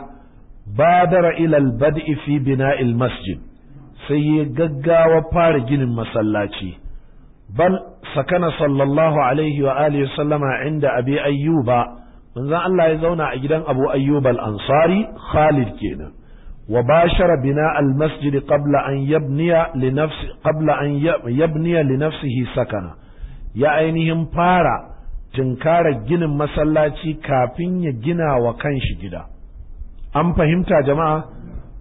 بادر إلى البدء في bina'il المسجد sai ya gaggawa fara ginin masallaci bal sakana sallallahu alaihi wa alihi sallama inda abi ayyuba manzon Allah ya zauna a gidan Abu Ayyub ansari Khalid kenan wa bashara bina al-masjid sakana ya ainihin fara tinkara ginin masallaci kafin ya gina wa shi gida an fahimta jama'a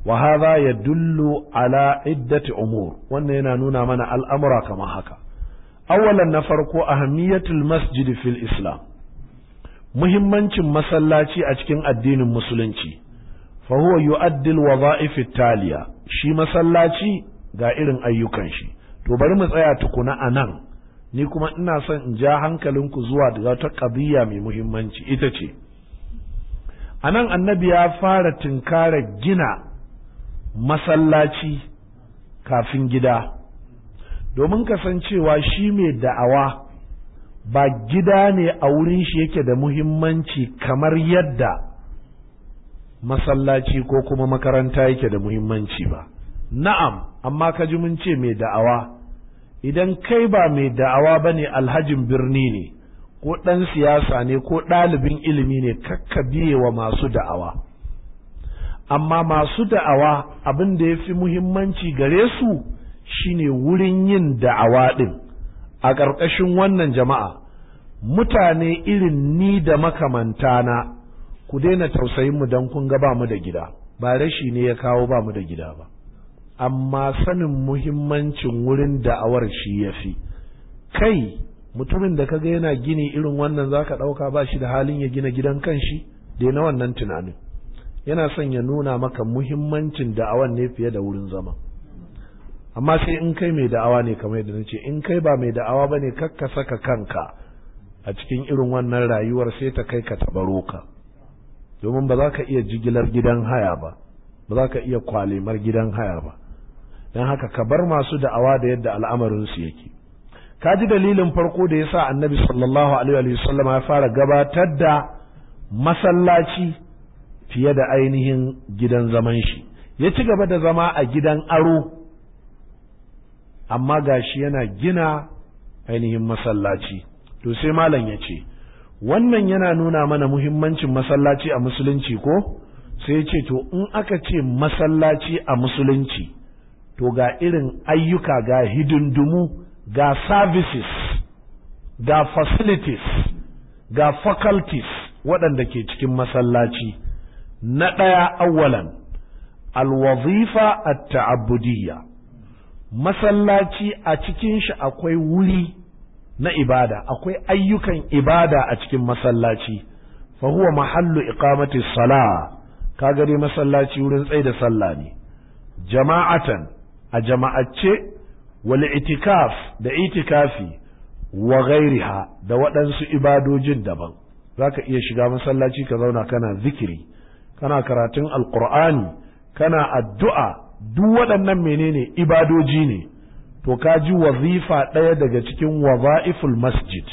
wa ya yadullu ala iddati umur wannan yana nuna mana al'amura kamar haka awalan na farko ahamiyatul masjid fil islam muhimmancin masallaci a cikin addinin musulunci fa huwa yu'addi al taliya shi masallaci ga irin ayyukan shi to bari mu tsaya tukuna anan ni kuma ina son in ja hankalinku zuwa ga wata qadiyya mai muhimmanci ita ce anan annabi ya fara tinkara gina masallaci kafin gida domin kasancewa shi mai da'awa ba gida ne a wurin shi yake da muhimmanci kamar yadda masallaci ko kuma makaranta yake da muhimmanci ba na'am amma ka ji mun ce mai da'awa idan kai ba mai da'awa ba ne alhajin birni ne ko ɗan siyasa ne ko ɗalibin ilimi ne kakka biye wa masu da'awa amma masu da'awa abin da ya fi muhimmanci gare su shine wurin yin da'awa ɗin a ƙarƙashin wannan jama'a mutane irin ni da makamantana ku daina tausayinmu don kun ga ba mu da gida ba rashi ne ya kawo ba mu da gida ba amma sanin muhimmancin wurin da'awar shi ya fi kai mutumin da kaga yana gini irin wannan zaka ɗauka ba shi da halin ya gina gidan kanshi dai na wannan tunanin yana son ya nuna maka muhimmancin da'awar ne fiye da wurin zama amma sai in kai mai da'awa ne kamar yadda nace in kai ba mai da'awa ba ne ka saka kanka a cikin irin wannan rayuwar sai ta kai ka tabaro ka domin ba za ka iya jigilar gidan haya ba ba za ka iya kwalimar gidan haya ba don haka ka bar masu da'awa da yadda al'amarinsu yake ka ji dalilin farko da ya sa annabi sallallahu alaihi wa sallam ya fara gabatar da masallaci fiye da ainihin gidan zaman shi ya ci gaba da zama a gidan aro amma gashi yana gina ainihin masallaci to sai malam ya ce wannan yana nuna mana muhimmancin masallaci a musulunci ko sai ce to in aka ce masallaci a musulunci to ga irin ayyuka ga hidindumu ga services ga facilities ga faculties waɗanda ke cikin masallaci na ɗaya awwalan alwazifa at-ta'abbudiyya masallaci a cikin shi akwai wuri na ibada akwai ayyukan ibada a cikin masallaci fa huwa mahallu iqamati salah ka gani masallaci wurin tsaye da sallah ne jama'atan a jama'ace wal itikaf da itikafi wa ghairiha da waɗansu ibadojin daban zaka iya shiga masallaci ka zauna kana zikiri kana karatun alqur'ani kana addu'a duk waɗannan menene ibadoji ne to ka ji wazifa ɗaya daga cikin waza'iful masjid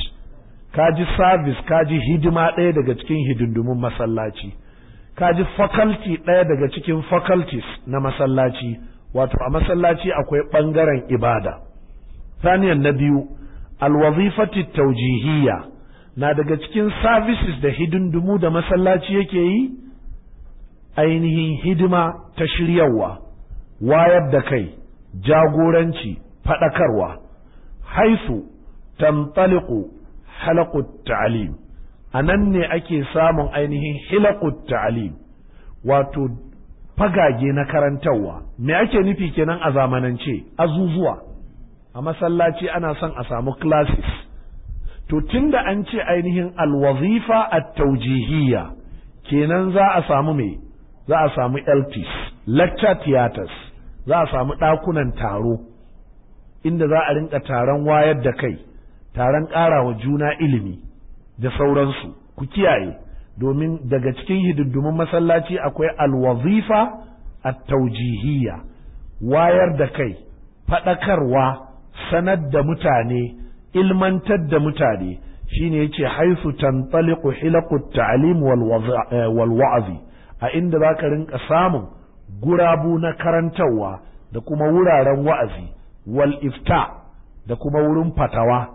ka ji sabis ka ji hidima ɗaya daga cikin hidindumin masallaci ka ji fakalti ɗaya daga cikin fakaltis na masallaci wato a masallaci akwai ɓangaren ibada saniyan na biyu alwazifati taujihiyya na daga cikin services da hidindumu da masallaci yake yi ainihin hidima ta shiryarwa wayar da kai jagoranci faɗakarwa haisu halakut ta'alim A nan ne ake samun ainihin hilaqut ta'alim wato fagage na karantarwa me ake nufi kenan a zamanance azuzuwa a masallaci ana son a samu classes to tunda an ce ainihin alwazifa a taujihiyya kenan za a samu me za a samu LPs? lecture theaters za a samu ɗakunan taro inda za a rinka taron wayar da kai taron ƙara wa juna ilimi da sauransu ku kiyaye domin daga cikin hidindumin masallaci akwai alwazifa a taujihiyya wayar da kai faɗakarwa sanar da mutane ilmantar da mutane shine yace haifu tantaliku hilaqu at walwa'azi eh, a inda za ka rinka samun gurabu na karantarwa da kuma wuraren wa'azi wal ifta da kuma wurin fatawa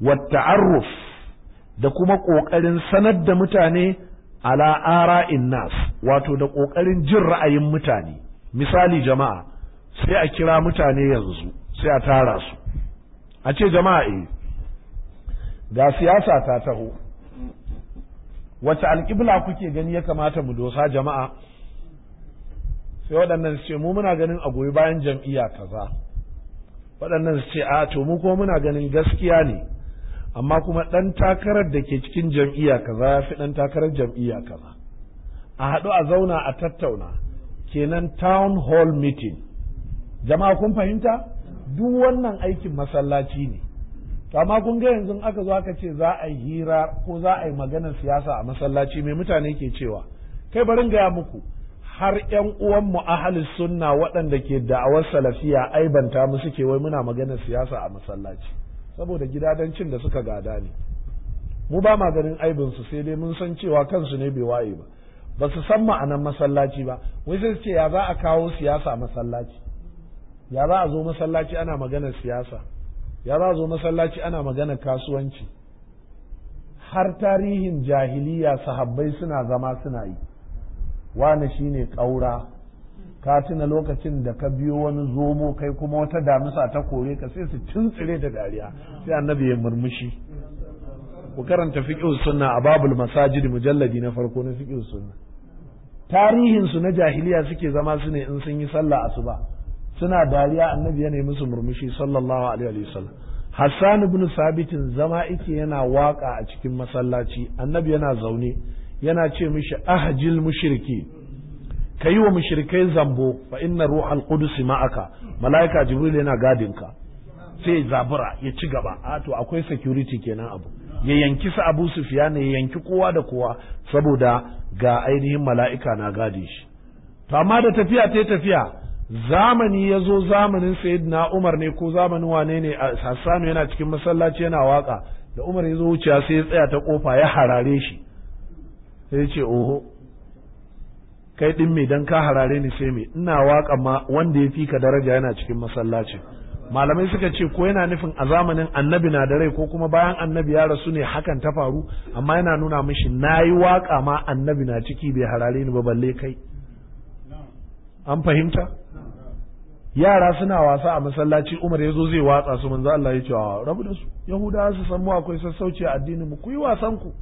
wata'arruf ta'arruf da kuma ƙoƙarin sanar da mutane ala ara'in nas wato da ƙoƙarin jin ra'ayin mutane misali jama'a sai a kira mutane yanzu sai a tara su a ce jama'a eh ga siyasa ta taho wata alƙibla kuke gani ya kamata mu dosa jama'a sai waɗannan su ce mu muna ganin a goyi bayan jam'iyya kaza waɗannan su ce a to mu kuma muna ganin gaskiya ne amma kuma ɗan takarar da ke cikin jam'iyya kaza ya fi ɗan takarar jam'iyya kaza a haɗu a zauna a tattauna kenan town hall meeting jama'a kun fahimta duk wannan aikin masallaci ne to amma kun ga yanzu aka zo aka ce za a yi hira ko za a yi maganar siyasa a masallaci mai mutane ke cewa kai barin gaya muku har ƴan uwanmu ahalus sunna waɗanda ke da'awar salafiya aibanta mu suke wai muna maganar siyasa a masallaci saboda gidadancin da suka gada ne mu ba ma ganin aibin su sai dai mun san cewa kansu ne bai waye ba ba su san ma'anar masallaci ba wai sai su ce ya za a kawo siyasa a masallaci ya za a zo masallaci ana maganar siyasa ya za a zo masallaci ana magana kasuwanci har tarihin jahiliya sahabbai suna zama suna yi wane shine ƙaura ka tuna lokacin da ka biyo wani zomo kai kuma wata damisa ta kore ka sai su cin-tsire da dariya sai annabi ya murmushi ku karanta fiqh sunna a babul masajid mujalladi na farko na fiqh sunna tarihin na jahiliya suke zama su ne in sun yi sallah asuba suna dariya annabi ya nemi su murmushi sallallahu alaihi wasallam Hassan ibn Sabitin zama ike yana waka a cikin masallaci annabi yana zaune yana ce mishi ahjil mushriki yi wa mushrikai zambo fa inna ruhal qudus ma'aka malaika jibril yana gadin ka sai zabura ya ci gaba a ah, to akwai security kenan abu ya yanki su abu sufiyana ya yanki kowa da kowa saboda ga ainihin mala'ika na gadi shi to amma da tafiya ta tafiya zamani ya zo zamanin sayyidina umar ne ko zamanin wane ne sassanu yana cikin masallaci yana waka da umar ya zo wuciya sai ya tsaya ta kofa ya harare shi sai ce oho kai din me dan ka harare ni sai me ina waka ma wanda ya fi ka daraja yana cikin masallaci malamai suka ce ko yana nufin a zamanin annabi na da rai ko kuma bayan annabi ya rasu ne hakan ta faru amma yana nuna mishi nayi waka ma annabi na ciki bai harare ni ba balle kai an fahimta yara suna wasa a masallaci umar ya zo zai watsa su manzo Allah ya ce rabu da su yahudawa su san mu akwai sassauci a addinin mu ku yi wasan ku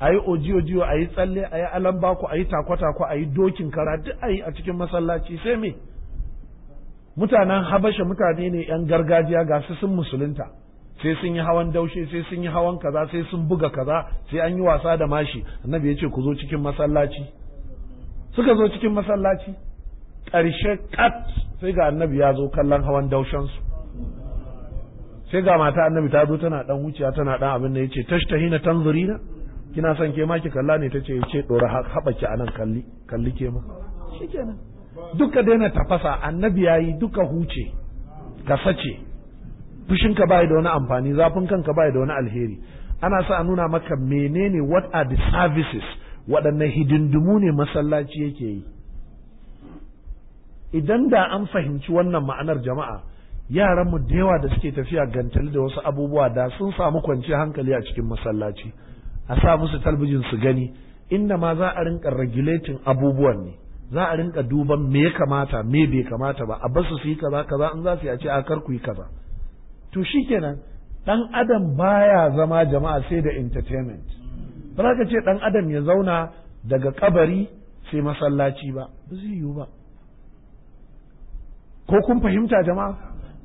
a yi ojiyo-jiyo a yi tsalle a yi ba ku a yi takwa a yi dokin kara duk a yi a cikin masallaci sai me mutanen habasha mutane ne yan gargajiya ga su sun musulunta sai sun yi hawan daushe sai sun yi hawan kaza sai sun buga kaza sai an yi wasa da mashi annabi ya ce ku zo cikin masallaci suka zo cikin masallaci ƙarshe kat sai ga annabi ya zo kallon hawan daushensu sai ga mata annabi ta zo tana dan wuciya tana dan abin da ya yace tashtahina tanzurina kina son ke ma ki kalla ne tace ce dora ki anan kalli kalli ke ma shikenan duka daina tafasa annabi yayi duka huce ka sace ka bai da wani amfani zafin kanka bai da wani alheri ana sa a nuna maka menene what are the services waɗanne hidindimu ne masallaci yake yi idan da an fahimci wannan ma'anar jama'a yaran mu da yawa da suke tafiya gantali da wasu abubuwa da sun samu kwanci hankali a cikin masallaci a sa musu talbijin su gani inda ma za a rinka regulating abubuwan ne za a rinka duban me ya kamata me bai kamata ba a basu su yi kaza kaza in za su yi a ce a kar ku yi kaza to shikenan dan adam baya zama jama'a sai da entertainment ba za ka ce dan adam ya zauna daga kabari sai masallaci ba ba zai yiwu ba ko kun fahimta jama'a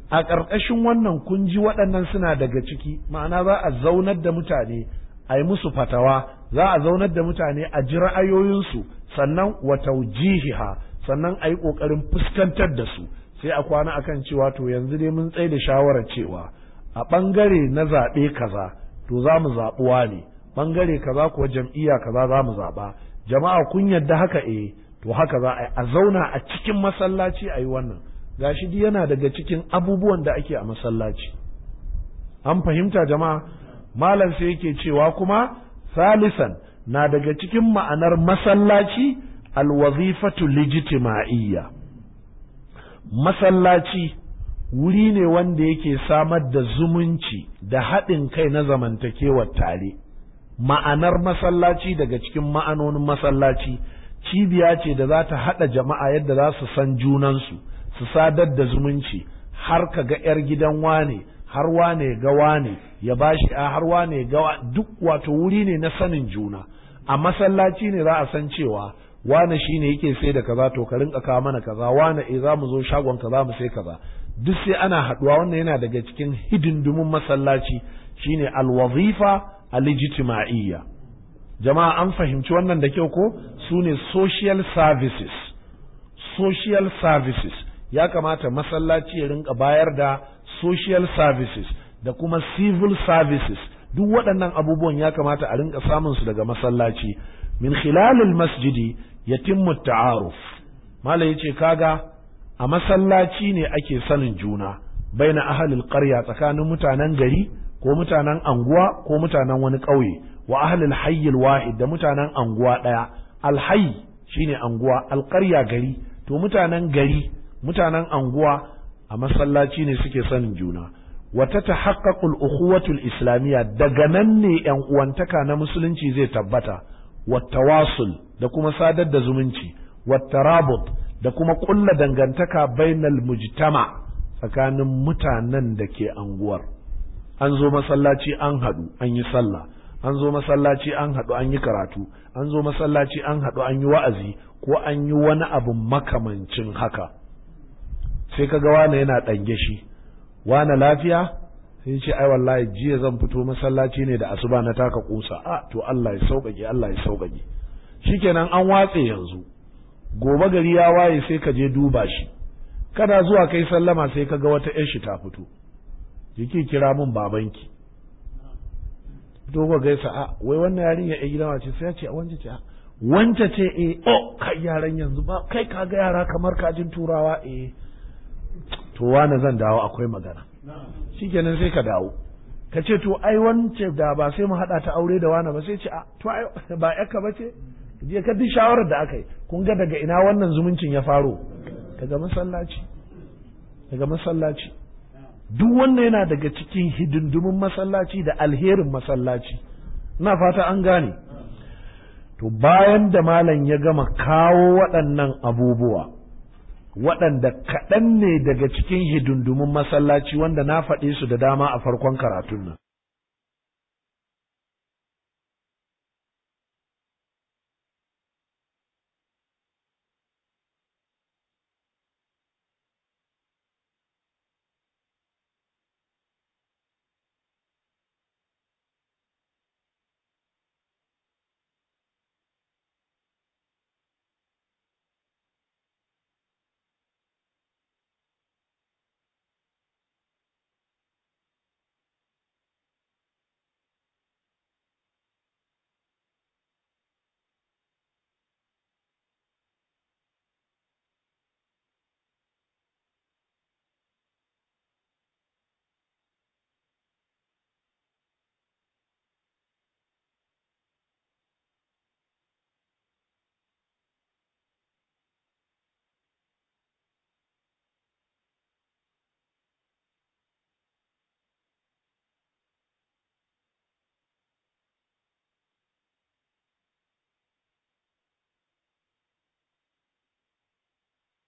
a ƙarƙashin wannan kun ji waɗannan suna daga ciki ma'ana za a zaunar da mutane a musu fatawa za a zaunar da mutane a ji ra'ayoyinsu sannan wa taujihiha sannan a yi ƙoƙarin fuskantar da su sai a kwana akan cewa to yanzu dai mun tsaye da shawarar cewa a ɓangare na zaɓe kaza to za mu zaɓuwa ne ɓangare kaza kuwa jam'iyya kaza za mu zaɓa jama'a kun yadda haka eh to haka za a a zauna a cikin masallaci a yi wannan gashi yana daga cikin abubuwan da ake a masallaci an fahimta jama'a malam sai yake cewa kuma salisan na daga cikin ma'anar masallaci alwazifatu lijitima'iyya masallaci wuri ne wanda yake samar da zumunci da haɗin kai na zamantakewar tare ma'anar masallaci daga cikin ma'anonin masallaci cibiya ce da za ta haɗa jama'a yadda za su san junansu su sadar da zumunci har ka ga 'yar gidan wane har wane ga wane ya bashi a har wane ga duk wato wuri ne na sanin juna a masallaci ne za a san cewa wane shine yake sai da kaza to ka rinka kawo mana kaza wane eh za mu zo shagon kaza mu sai kaza duk sai ana haduwa wannan yana daga cikin hidindumin masallaci shine alwazifa alijtima'iyya jama'a an fahimci wannan da kyau ko su ne social services social services ya kamata masallaci ya rinka bayar da social services da kuma civil services duk waɗannan abubuwan ya kamata a rinka samun su daga masallaci min khilalil masjidi yatimmu ta'aruf ya yace kaga a masallaci ne ake sanin juna bai na ahalin qarya tsakanin mutanen gari ko mutanen anguwa ko mutanen wani ƙauye wa ahlil hayyil wahid da mutanen anguwa ɗaya alhayi shine anguwa alƙarya gari to mutanen gari mutanen anguwa a masallaci ne suke sanin juna wata ta haƙaƙul ukhuwatul islamiyya daga nan ne ‘yan uwantaka na musulunci zai tabbata wata wasul da kuma sadar da zumunci wata rabot da kuma ƙulla dangantaka bainal mujtama tsakanin mutanen da ke anguwar an zo masallaci an haɗu an yi sallah an zo masallaci an haɗu an yi karatu an zo masallaci an haɗu an yi wa'azi ko an yi wani abu makamancin haka sai kaga wane yana ɗange shi wane lafiya sai ce ai wallahi jiya zan fito masallaci ne da asuba na taka kusa a ah, to Allah ya sauƙaƙe Allah ya sauƙaƙe shikenan an watse yanzu gobe gari ya waye sai ka je duba shi kana zuwa kai sallama sai kaga wata ƴar shi ta fito yake kira mun babanki dogo gaisa a ah, wai wannan yarinya ya gidan ce sai ya ce wance ce ah, wance ce eh oh kai yaran yanzu ba kai kaga yara kamar kajin turawa eh to wani zan dawo akwai magana nan sai ka dawo ka ce to ai wance da ba sai mu haɗa ta aure da wani ba sai ce to ai ba yaka ba ce je ka duk shawarar da aka yi kun ga daga ina wannan zumuncin ya faro daga masallaci daga masallaci duk wannan yana daga cikin hidindumin masallaci da alherin masallaci na fata an gane to bayan da malam ya gama kawo waɗannan abubuwa waɗanda kaɗan ne daga cikin hidindumin masallaci wanda na faɗe su da dama a farkon karatun nan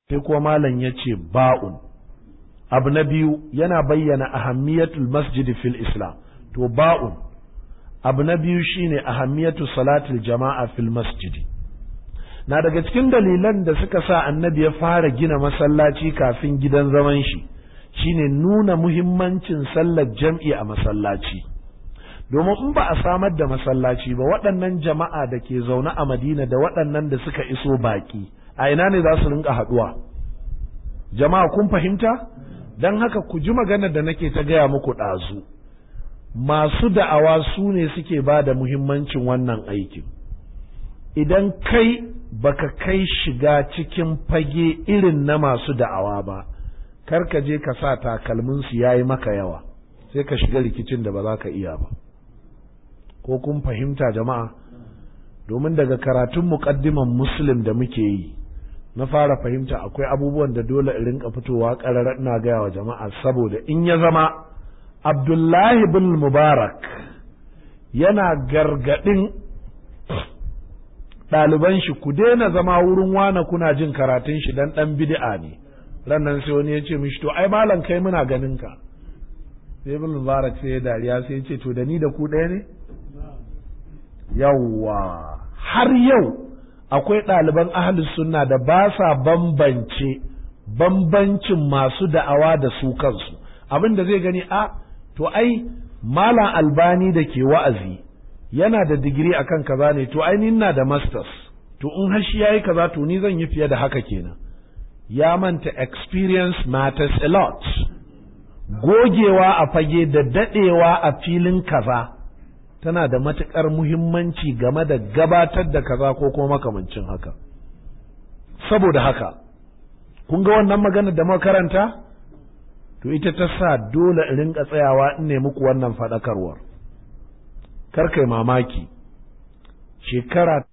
sai kuwa malam ya ce ba'un abu na biyu yana bayyana ahammiyatul masjidi fil islam to ba'un abu na biyu shine ahammiyatu salatul jama'a fil masjidi na daga cikin dalilan da suka sa annabi ya fara gina masallaci kafin gidan zaman shi shine nuna muhimmancin sallar jam'i a masallaci domin in ba a samar da masallaci ba waɗannan jama'a da ke zaune a madina da waɗannan da suka iso baƙi a ina ne za su rinka haɗuwa jama'a kun fahimta don haka ku ji magana da nake ta gaya muku ɗazu masu da'awa su ne suke ba da muhimmancin wannan aikin idan kai baka kai shiga cikin fage irin na masu da'awa ba kar ka je ka sa takalminsu ya yi maka yawa sai ka shiga rikicin da ba za ka iya ba ko kun fahimta jama'a domin daga karatun muƙaddiman muslim da muke yi na fara fahimta akwai abubuwan da dole in rinka fitowa ƙarar ina gaya wa jama'a saboda in ya zama abdullahi bin mubarak yana gargaɗin ɗaliban shi ku daina zama wurin wana kuna jin karatun shi dan ɗan bid'a ne rannan sai wani ya ce mishi to ai malam kai muna ganin ka sai bin mubarak sai ya dariya sai ya ce to da ni da ku ɗaya ne yawwa har yau akwai ɗaliban ahalus sunna da ba sa bambance bambancin masu da'awa da su kansu abin da zai gani a ah, to ai malam albani da ke wa'azi yana da digiri a kan kaza ne to ai na da masters to in hashi ya yi kaza to ni zan yi fiye da haka kenan ya manta experience matters a lot gogewa a fage da daɗewa a filin kaza tana da matuƙar muhimmanci game da gabatar da kaza ko kuma makamancin haka saboda haka kun ga wannan maganar da makaranta to ita ta sa dole in rinka tsayawa in ne muku wannan faɗakarwar kar kai mamaki shekara